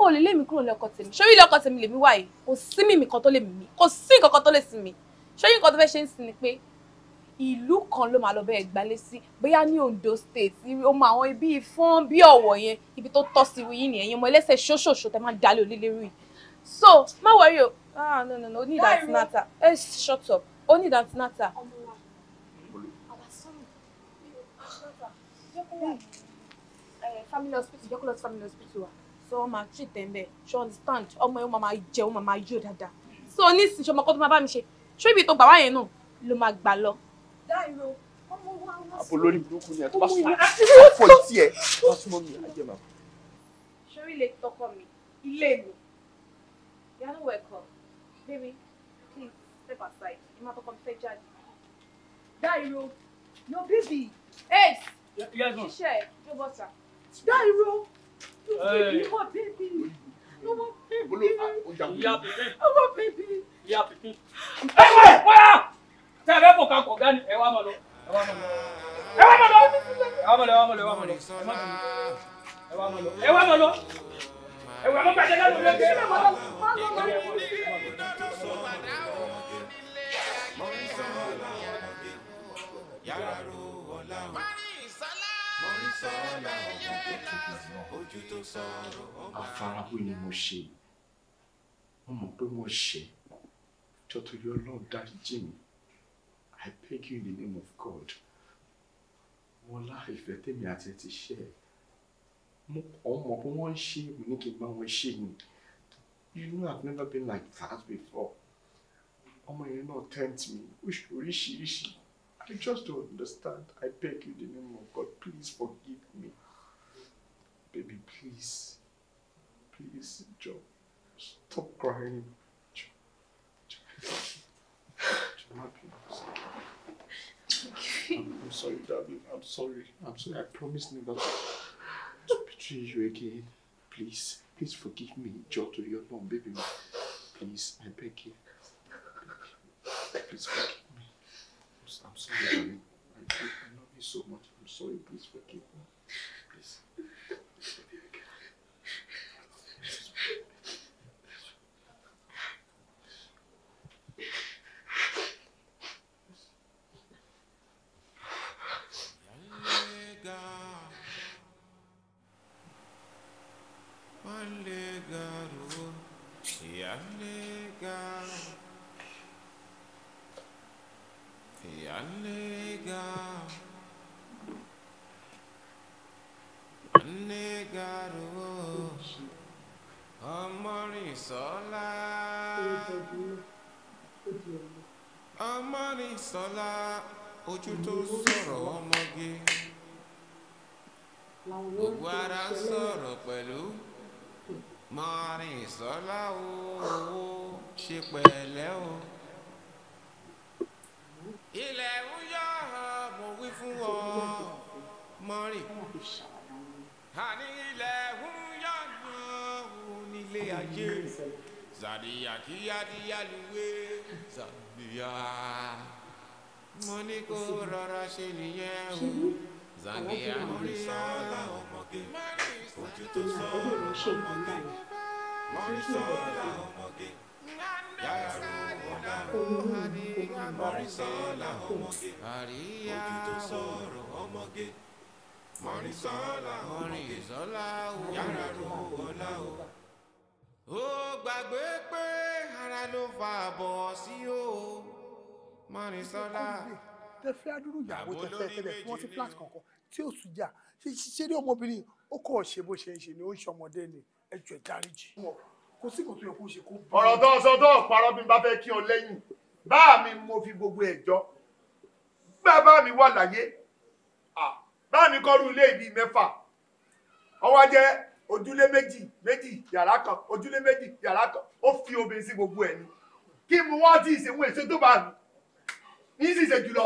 C: ò lè lé mi kúrò lọkọ tèmi sórí lọkọ tèmi lèmi wà yìí me sí mímì kan tó lè mímì kò sí nǹkan kan tó lè sí mi sórí nǹkan tó fẹ́ ṣe ń sin ni pé ìlú kan ló máa lọ bẹ́ẹ̀ gbalé sí bóyá ní Ondo be ó mọ àwọn ibi ìfọ́n bí ọ̀wọ̀ yẹn ibi tó tọ́ sí wíyí say show show show. tẹ máa dalẹ̀ olílérí yìí so má wọrí you? ah no no no Only that antinata ẹ shut up Only that antinata. family hospital family hospital so wọ́n máa treat ẹ̀ ń bẹ̀ understand ọmọ ẹ̀ wọ́n máa jẹun wọ́n máa yó dáadáa so ní ìsìn ṣọmọ kó tó máa bá mi ṣe ṣé ibi tó bàbá yẹn náà ló máa gbà lọ. dáìrò ọmọ wa wá
F: sí. àbò lórí burúkú ni ẹ tó bá sùn àpò ìtì
C: ẹ You are not welcome. Baby, please, step aside. You must confess Daddy. Dairo, your baby. Hey! Yes, ma'am. Share your butter. Dairo, your hey. baby, ah,
F: your baby. Your baby. Your baby. Your baby. Ẹ wẹ̀ wọ́yà! Tẹ́ ẹ bẹ́ fò kan kọ̀ gani, ẹ wá mọ̀ lọ.
B: Ẹ wá mọ̀ lọ. Ẹ wá mọ̀ lọ. Ẹ wá mọ̀ lọ. Ẹ wá mọ̀ lọ. Ẹ wá
A: mọ̀ lọ. Ẹ wá mọ̀ lọ
E: ẹ̀wẹ̀ àwọn ni
F: mo ṣe mo mọ̀ pé mo ṣe jọ tó yọ Ọlọ́run dáríjì mi I beg you in the name of God wọ́n láì fẹ́ tèmi àti ẹ ti ṣe é mo kàn mọ̀ pé wọ́n ń ṣe èmi ní kí n bá wọn ṣe ni you know I've never been like that before ọmọ yẹn náà tempt me oríṣiríṣi I just don't understand I beg you the name of God please forgive me baby please please jọ stop crying jọ jọ má bínú sí i. I'm, I'm sorry, darling. I'm sorry. I'm sorry. I promise never to to betray you again. Please, please forgive me, jọ̀ọ́ torí Ọlọ́run baby Please, I beg you. Please forgive me. I'm sorry, darling. I, I love you so much. I'm sorry. Please forgive me.
D: ọmọrìnsọ́lá ọmọrìnsọ́lá ojú tó sọ̀rọ̀ ọmọge gbogbo ara sọ̀rọ̀ pẹ̀lú mọ̀rìnsọ́lá o ṣe pẹ̀lẹ́ o. ilẹ̀ ń yọ mo wí fún ọ mọ́rì àní ilẹ̀ ń yọ nílé ayé sàdíyà kíyádíyá lùwé sàdíyà mo ní kó rọra ṣe nìyẹn o sàdíyà lórí ọlá ọmọge ojú tó sọ ọmọge mọ́rì sọ ọlá ọmọge yàrá. Mọ̀rìnsọ́lá ọmọge ojú tó sọ̀rọ̀ ọmọge Mọ̀rìnsọ́lá ọmọge yàrá ro ọlá o. Ó gbàgbé pé ara ló fa àbọ̀ sí o Mọ̀rìnsọ́lá. Tẹ fẹ́ adúrú
F: ìyàwó tẹ fẹ́ tẹ́lẹ̀ tí wọ́n ti plant kankan tí ó sùn jà ṣe ṣe ní ọmọbìnrin ó kọ̀ ṣe bó ṣe ń ṣe ni ó ń ṣọmọdé ni ẹ jọ̀ọ́ dáríjì kò sí kò tó yẹ kó ṣe kó. ọ̀rọ̀ tó sọ tó parọ́ mi bá fẹ́ kí ọ lẹ́yìn bá mi mo fi gbogbo ẹ̀ jọ bàbá mi wà láyé bá mi kọ́rù ilé ìbí mẹ́fà ọwọ́ jẹ́ ojúlé méjì méjì yàrá kan ojúlé méjì yàrá kan ó fi obìnrin sí gbogbo ẹ̀ ni kí mo wá tí ìṣèwọ̀n èso tó bá mi ní ìṣiṣẹ́ jùlọ.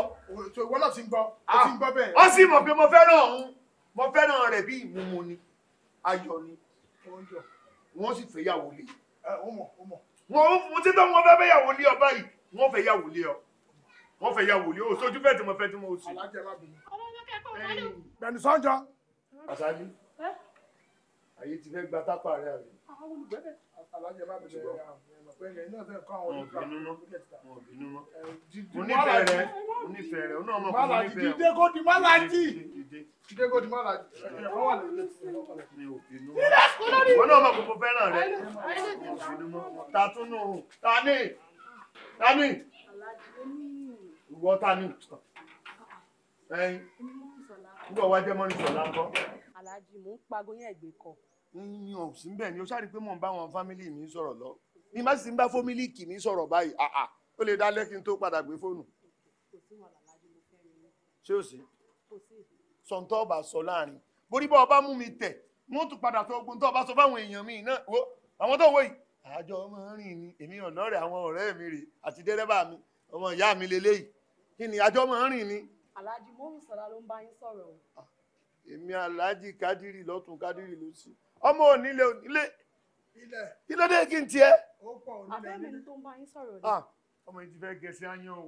F: ìwọ náà ti gbọ́ ó gbọ́ bẹ́ẹ̀. Ah, ó sì mọ̀ pé mo fẹ́ràn òun mo fẹ́ràn rẹ̀ bí ìmúmu ni ayọ̀ ni wọ́n sì fẹ́ yàwó lé wọ́n ti tọ́ wọn fẹ́ yàwó lé ọ báyìí wọ́n fẹ́ yàwó lé ọ wọ́n fẹ́ yàwó lé ọ sójú fẹ́ tí fẹ́ tí mo sì. bẹ̀ni sọ́njọ́. àṣàlí ayé ti fẹ́ gba tápà rẹ̀ àbí mo bínú mọ́ mo bínú mọ́
D: mo nífẹ̀ẹ́ rẹ mo
F: nífẹ̀ẹ́ rẹ o náà mọ̀ pé mo nífẹ̀ẹ́ rẹ. dídé kó di mọ́lájì dídé kó di mọ́lájì ẹ̀rọ wà lórí mi ò bínú mọ́ mo náà mọ̀ pé mo fẹ́ràn rẹ mo bínú mọ́ ta tún nù ta ní ta ní ìwọ ta ní ẹyin nígbà wá jẹ́ mọ́rin sọ̀lá ńkọ́. aláàjì mò ń pagó yẹn ẹgbẹ́ kan. ń yan òsínbẹ̀ ni ó ṣáà rí i pé mò ń bá wọn fámílì mi sọ̀rọ̀ lọ bí má sì ń bá fómílìkì mi sọ̀rọ̀ báyìí àà ah, ah, ó lè dá lẹ́kìn tó padà gbé fóònù. ṣé o sì sọ̀ǹtọ́ ọba sọ láàrin borí bá ọba mú mi tẹ̀ wọ́n tún padà sọ ogun tó ọba sọ fáwọn èèyàn mi náà wo àwọn tó wọ̀ yìí àjọ ọmọ rìn ni èmi ọ̀lọ́rẹ̀ àwọn ọ̀rẹ́ mi rè àti dẹ́rẹ́bà mi ọmọ ìyá mi lélẹ́yìí kí ni àjọ ọmọ rìn ni.
A: aláàjì mọ́mú sọ̀rọ̀ ló ń bá yín sọ̀rọ̀ o. Ah,
F: èmi aláàjì kádìrì lọ́tún kádìrì lọ́sì ọmọ onílé kí ló dé kí n tiẹ̀. abẹ́mi ni tó ń bá yín sọ̀rọ̀ ni. Ah, ọmọ yìí ti fẹ́ gẹ̀ẹ́sì ayán o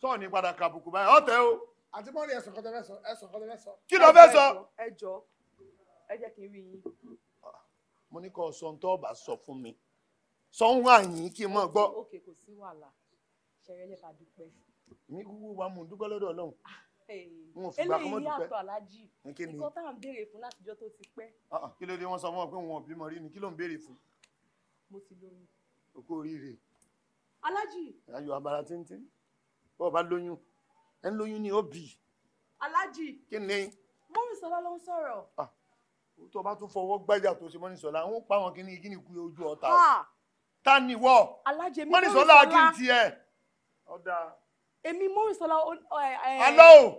F: sọ̀rọ̀ ní padà kàbùkù báyìí ọ̀tẹ̀ o. àti bọ́ọ̀lù ẹ̀sùn kan tó fẹ́ sọ ẹ̀sùn kan tó fẹ́ sọ. kí ló fẹ́ sọ. ẹ jọ ẹ jẹ́ kí n rí yín. Ah, mo ní kó o sọ tó bá sọ fún mi sọ ń wá yín kí n mọ̀ gbọ́. òkè kò
A: sí wàhálà ṣẹ̀rẹ̀ lẹ́ka dúpẹ́.
F: mi kúkú wa mú dúpẹ́ lọ́dọ̀ Ọlọ́run
A: wọn ò fi gbà kọ́mọ́ dúpẹ́ eléyìí yàtọ̀ aláàjì nǹkan tá à ń béèrè fún látijọ́ tó ti pẹ́.
F: Ah, ah, kí ló dé wọn sọ fún ọ pé wọn ò bímọ rí ni kí ló ń béèrè fún. mo ti lóyún. o kò oríire. aláàjì. ayò abala tíntín bọ́ọ̀ bá lóyún ẹ̀ ń lóyún ni ó bì.
A: aláàjì. kí ni. mọ́rìnsọ́lá ló ń sọ̀rọ̀. Ah,
F: tó o bá tún fọwọ́ gbájà tó ṣe mọ́rìnsọ́lá ń pa wọn kí ni kú ojú ọ̀tá ta ni wọ́ mọ́rìnsọ́lá kí n tiẹ̀. ọ̀dà èmi Mọ́rìnsọ́lá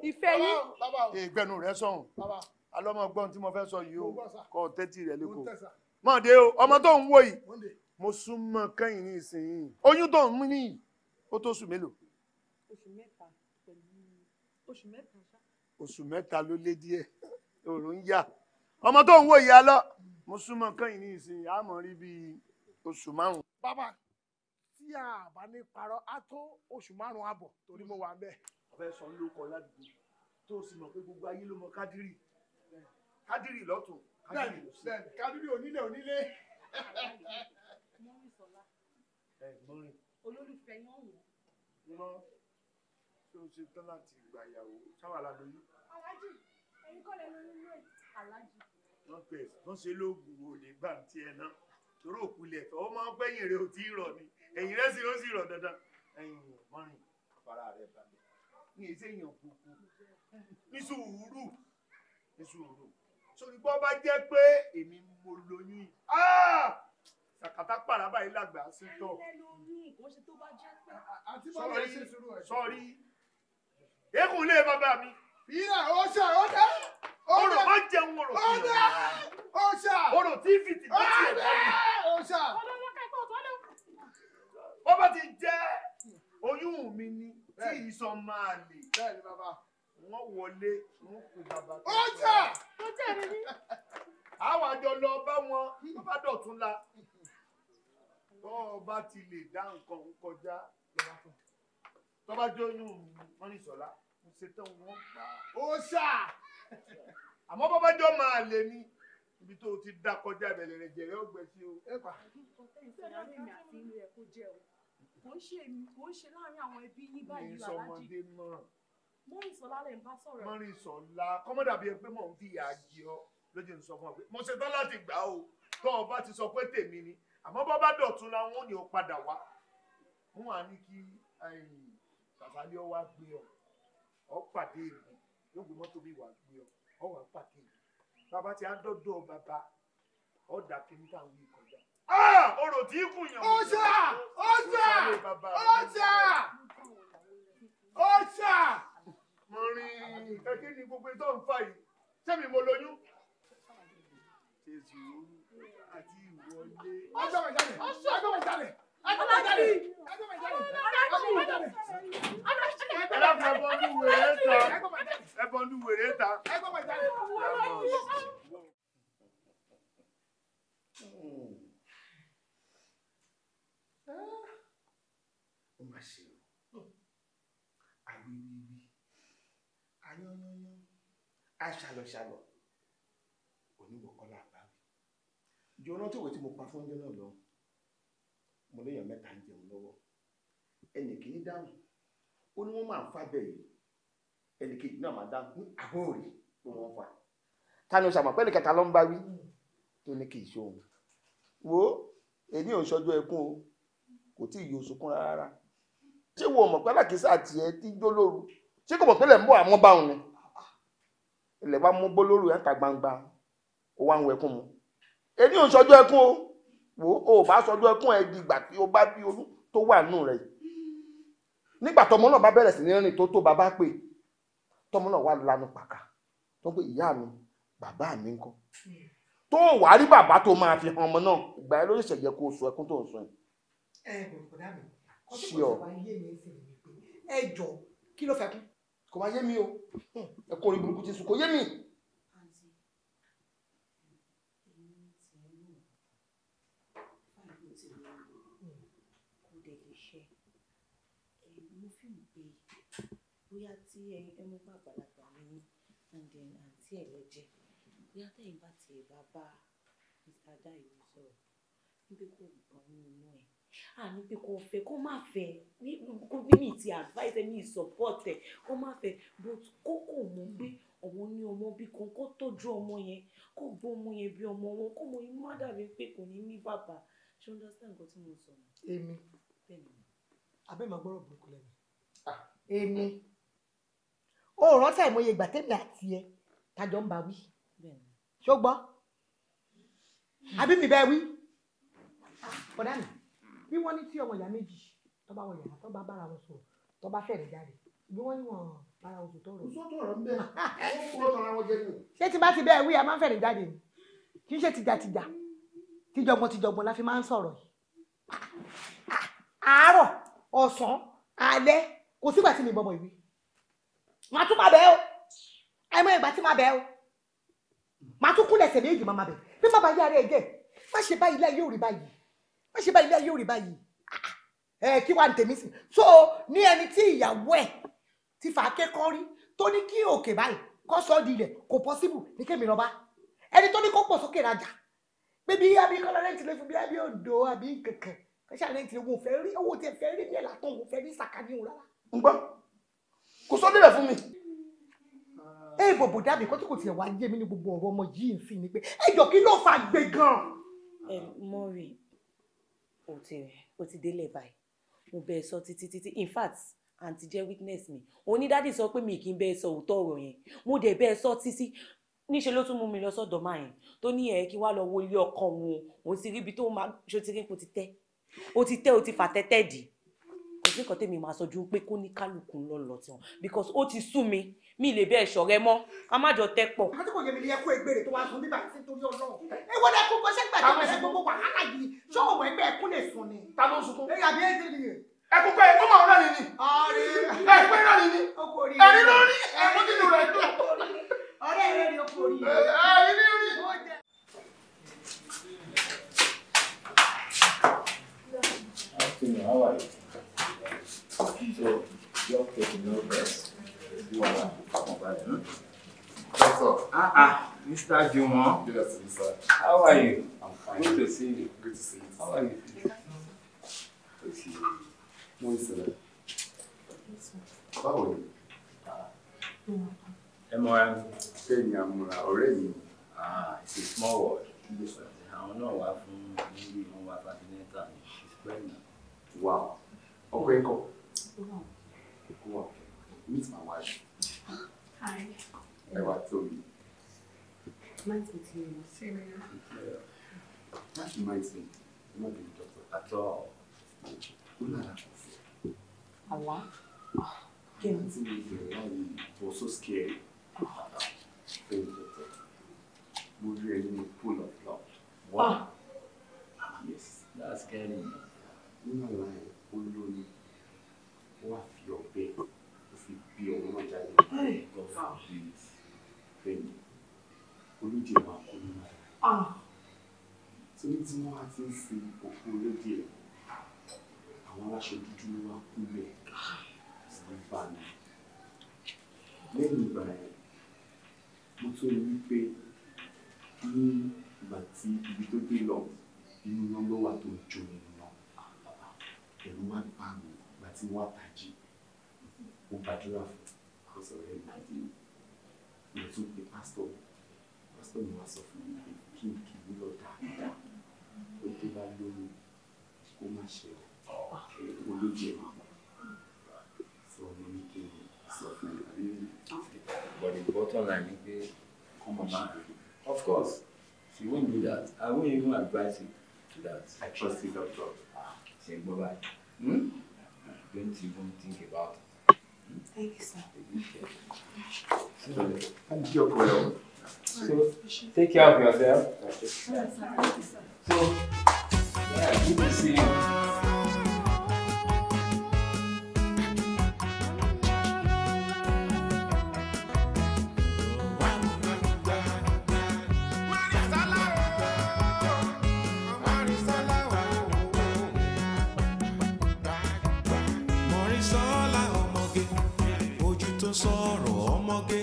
F: ìfẹ́ yín. ìgbẹ́nu rẹ̀ sọ̀hún alọ́mọgbọ́n tí mo fẹ́ sọ yìí o kọ́ tẹ́tí rẹ̀ lẹ́kọ̀ọ́ mọ̀dé o ọmọ tó ń wò yìí mo sún mọ́ kẹ́yìn ní ìsinyìí oyún tó ń mú nìyí ó tó oṣù mélòó. oṣù mẹ́ta pẹ̀lú oṣù mẹ́ta ṣá. oṣù mẹ́ta ló lé díẹ̀ òòrùn ń yà ọmọ tó ń wò yìí alọ́ mo sún mọ́ kẹ́yìn ní ìsinyìí àmọ́ rí bíi oṣù márùn-ún tí a bá ní parọ́ á tó oṣù márùn-ún àbọ̀ torí mo wà bẹ́ẹ̀. ọ̀fẹ́ sọ ló kọ ládùúgbò tó o sì mọ̀ pé gbogbo ayé ló mọ kádírì kádírì lọ́tún kádírì lọ́sí. bẹ́ẹ̀ni kádírì onílé onílé.
E: mọ́rin sọlá
A: olólùfẹ́ yín ọ̀hún.
F: wọ́n ṣé o ṣe tán láti gbà ìyàwó sáwà la lóyún.
A: aláàjì ẹ̀yin kọ́ lẹ lóyún lóyè aláàjì.
F: wọ́n pè é wọ́n ṣe lóògùn olè gbàǹtí ẹ̀ náà torí òkú ilẹ̀ tó máa ń gbẹ̀yìn rẹ̀ ò tí ì rọ̀ ni ẹ̀yìn rẹ̀ sì ló sì rọ̀ dandan ẹ̀yìn rẹ̀ mọ́rin fara rẹ̀ balẹ̀ ní èsì èèyàn kúkú ní sùúrù ní sùúrù sórí bọ́ bá jẹ́ pé èmi mo lóyún yìí ah! sàkátà pàràbà yìí làgbà sí tọ̀ sọ́rí sọ́rí èkó lé bàbá mi. yíyá ó ṣe ó dé. ọ̀rọ̀ má jẹun ọ̀rọ̀ tí ó dé ó tí fìtì tó tiẹ̀ bá mi. ó ó bá ti jẹ́ oyún mi ni tí ìsọ máa lè bẹ́ẹ̀ ni bàbá wọ́n wọlé wọ́n kú bàbá. ó jà ó jà rẹ ní. àwọn àjọ lọ bá wọn tó bá dọ̀tún la bọ́ ọ bá ti lè dá nǹkan kọjá lọ́wọ́ tó tó bá jẹ́ oyún mi wọ́n ní sọ̀lá mo ṣetán wọn gbà. ó ṣà àmọ́ bọ́bá jọ máa lè ní ibi tó ti dá kọjá ìbẹ̀rẹ̀ jẹ̀rẹ̀ ọgbẹ́ sí o. ẹ pa.
A: ọ̀tẹ̀ ìṣẹ̀lẹ̀ àti ilé ẹ̀kọ́ jẹ́ o kò ń ṣe èmi kò ń ṣe láàrin àwọn ẹbí yín báyìí aláàjì. mi sọmọdé náà. mọ́rin sọlá lẹ̀ ń bá sọ̀rọ̀. mọ́rin
F: sọlá kọ́mọ́dà bíi pé mò ń fi ìyá jẹ ọ lójú ń sọ fún ọ pé mo ṣetán láti gbà ó tó o bá ti sọ pé tèmi ni àmọ́ bá bá dọ̀tun la ò ní o padà wá wọn à ní kí tàbálẹ́ ọ wá gbé ọ ọ pàdé èmi yóò gbé mọ́tò mi wá gbé ọ ọ wà pàdé èmi bàbá tí a dọ́dọ̀ bàbá ọ dà kí n kà k Ah, orò tí kù yàn. ó ṣá ó ṣá ó ṣá ó ṣá. mo wèrè ta. aṣàlọ̀ṣàlọ̀ oníwọ̀kọ́lá àbáwí jọ rántí òwe tí mo pa fún oúnjẹ náà lọ mo léèyàn mẹ́ta ń jẹun lọ́wọ́ ẹnì kìíní dáhùn ó ní wọ́n máa ń fa bẹ́ẹ̀ yìí ẹnì kejì náà máa dáhùn ní àwọn òrì ló wọ́n fa tani o ṣàmọ̀ pẹ́ẹ́nì kẹta ló ń bá wí tó ní kì í ṣe òun wo èmi ò ṣọjọ́ ẹkún o kò tí ì yọ oṣù kún rárá ṣé wo mọ̀ pé alákìísà tiẹ̀ tí jó lóru kò mọ̀ pé ń bọ̀ àmọ́ báwọn ni ilẹ̀ bá mú bólórù yàtà gbangba ó wá ń wẹkùn mu èmi ò sọjọ́ ẹkún o wò ó bá sọjọ́ ẹkún ẹ di ìgbà tí o bá bí olú tó wà nù rẹ̀ nígbà tọmọ náà bá bẹ̀rẹ̀ sí ní rìn tó tó bàbá pè tọmọ náà wà lanu pàkà tó pé ìyá mi bàbá mi ńkọ́ tó wàá rí bàbá tó máa fi hàn ọmọ náà ìgbà yẹn ló ṣẹ̀ṣẹ̀ yẹ kó o sọ ẹkún tó ń sọ yẹn.
E: ẹ
A: ẹ jọ kí ló fẹ́ kún kò máa yé mi o
E: ẹ kó orí burúkú ti sùn kò yé mi.
C: bóyá tí ẹ mr
A: adayo sọ̀rọ̀ níbi kò gbọ́n nínú
C: ẹ̀ àní ah, pé kò
A: fẹ́ kó má fẹ́ kó bí mi ti advice mi support ẹ̀ kó má fẹ́ but kókò mú gbé ọ̀wọ́n ní ọmọ bí kan kó tọ́jú ọmọ yẹn kó gbọ́ ọmọ yẹn bí ọmọ wọn kó mọ imú àdàbí pé kò ní ní bàbá ṣé understand nǹkan tí mo sọ. èmi abẹ́mọ̀ gbọ́rọ̀ burúkú lẹ́nu èmi o rántí àìmọye ìgbà tèmi àti ẹ tájọ ń bá wí ṣó gbọ́ àbí mi bẹ́ẹ̀ wí ọ̀dà mi bí wọ́n ní tí ọmọ ìyá méjì tó bá wọ yàrá tó bá bára wọn sọ̀rọ̀ tó bá tẹ̀lé jáde bí wọ́n ní wọn bára wọn sọ̀tọ̀ rọ̀. sọ́tọ̀ rẹ̀ ń bẹ̀ wọ́n kúrò tọ́ra wọn jẹ́ nù. ṣé tí bá ti bẹ́ẹ̀ wí a máa ń fẹ̀rẹ̀ jáde ni kì í ṣe tìjàtìjà tìjọ̀gbọ̀n tìjọ̀gbọ̀n la fi máa ń sọ̀rọ̀ yìí. àárọ̀ ọ̀sán alẹ́ kò sígbà tí mi bọ̀ bọ̀ ìwé màá tún máa bẹ́ẹ̀ o àìmọ́ ìgbà tí máa bẹ́ẹ̀ o màá tún kúnlẹ̀ ẹsẹ̀ méjì máa máa bẹ̀ bí má bá yára ẹ̀ jẹ́ má ṣe báyìí láyé òrí báyìí wọ́n ṣe báyìí bí ayé ò rí báyìí ẹ ah, eh, kí wàá tèmi sí so ní ẹni tí ìyàwó ẹ̀ ti fà á kẹ́kọ̀ọ́ rí tó ní kí òkè báyìí kọ́ sọ́ di ilẹ̀ kò pọ́síbù ní kémi lọ́ba ẹni tó ní kó pọ̀ sókè rajà
B: pé bí abí kọ́lá rẹ̀ ti lè fún bí abí odò àbí kankan fẹ́ṣà rẹ̀ ti lè wọ́n fẹ́ rí owó tiẹ̀ fẹ́ rí ní ẹ̀ látọ̀ wọ́n fẹ́ rí sàkání òun rárá. ń gbọ́ kò sọ débẹ̀ fún mi.
A: ẹ eh, bọ̀bọ̀ dàbí kọ́tù kò tiẹ̀ wá yé mi ní gbogbo ọ̀rọ̀ ọmọ yìí ń sìn ni pé ẹ jọ kí ló fà gbé gan ẹ eh, mọ rè o ti rìn o ti délé báyìí mo bẹ sọ títí títí in fact àǹtí jẹ́ witness mi onídàdí sọ pé mi kì í bẹ ẹ sọ òótọ́ ọ̀rọ̀ yẹn mo dẹ̀ bẹ ẹ sọ títí níṣẹ́ ló tún mú mi lọ sọ́dọ̀ máa yẹn tó ní ẹ̀ kí wá lọ wo ilé ọkọ wọn òun ti rí ibi tó máa ṣó ti rí kó ti tẹ́ o ti tẹ́ o ti fà tẹ́tẹ́ dì sí nǹkan tèmi máa sọ ju pé kó ní kálukú lọ lọ tiwọn because ó ti sú mi mi lè bẹ́ẹ̀ ṣọ̀rẹ́ mọ́ a má jọ tẹ́ pọ̀. àti
B: kò yẹ mi lè yẹ kó egbèrè tó wá sùn bíbà sí torí ọlọ́run
F: ewo lẹ kókó sẹgbẹ tó lẹsẹ gbogbo wàhálà yìí
B: ṣọwọ mọ ẹgbẹ ẹkún lè sùn ni.
F: ta ló sunkún. ẹyà bí ẹyẹ ti ẹkún pé ó máa rán ni ni. ẹkún pé rán ni ni. ló rí ẹkún nínú rẹ rẹ ni o kò rí. ẹni rí. How are you? so yọ kẹ̀kẹ́ ní ọgbà you?
B: wàá wà balẹ̀ náà. Doctor, ah ah, Mr. Jumo. Good afternoon, sir. How are you? I'm fine. Good to see you. Good to see you. How are you? Okay. Mo ń sọ̀rọ̀. Báwo ni? Ẹ mọ̀ra mi. Bẹ́ẹ̀ni, àmọ̀ra ọ̀rẹ́ mi. Ah, it's a small world. Àwọn náà wá fún níbi wọn wá fàtínẹ́tà ní. She's pregnant. Wow. Ọkọ ẹ̀kọ́. Okay, cool. Cool. Meet my wife. Hi. Ewa Tomi.
A: told me to you. Same here.
B: Yeah. That reminds me. I'm not being a doctor at all. Who not that for?
E: Allah.
F: Get on to me. It was so scary. Being a doctor. You really need a pool of
B: blood. What? Yes. That's scary. You You're not lying. Olórí wọ́n á fi ọ̀bẹ ó fi bí ọmọ náà jáde lọ
F: e sí fẹ́mi olóde máa kú ah! ní mara torí tí wọ́n á ti ń fi òkú olóde ẹ̀ àwọn aláṣọ dúdú ló wá kú bẹ́ẹ̀ sí bá mi
B: lẹ́yìn ìgbà yẹn mo tó rí wípé ní ìgbà tí ibi tó dé lọ inú náà ló wà tó jó nínú náà ah, ẹ̀rù
F: wá bá mi tí wọ́n tají mo gbàdúrà fún àwọn sọ̀rọ̀ ẹ̀ nàdí mo tún pe pásítọ̀ pásítọ̀ mi wá sọ fún mi pé kí n kì í lọ dáadáa ó tó bá lóyún kó má ṣe ọ
B: olójú ẹ̀ sọ mi ní kí n sọ fún mi. but the bottom line ni pé kó má ṣe of course she won't do that i won't even advise you to that. i trust you doctor. ṣe gbọ́ báyìí don't even think about it. Thank you, sir. thank you well. So, take care of yourself. Yes, sir. Thank you, sir. So, yeah, good to see
D: you. Mọ́rísọ́lá ọmọge ojú tó sọ̀rọ̀ ọmọge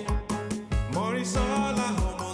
D: Mọ́rísọ́lá ọmọge.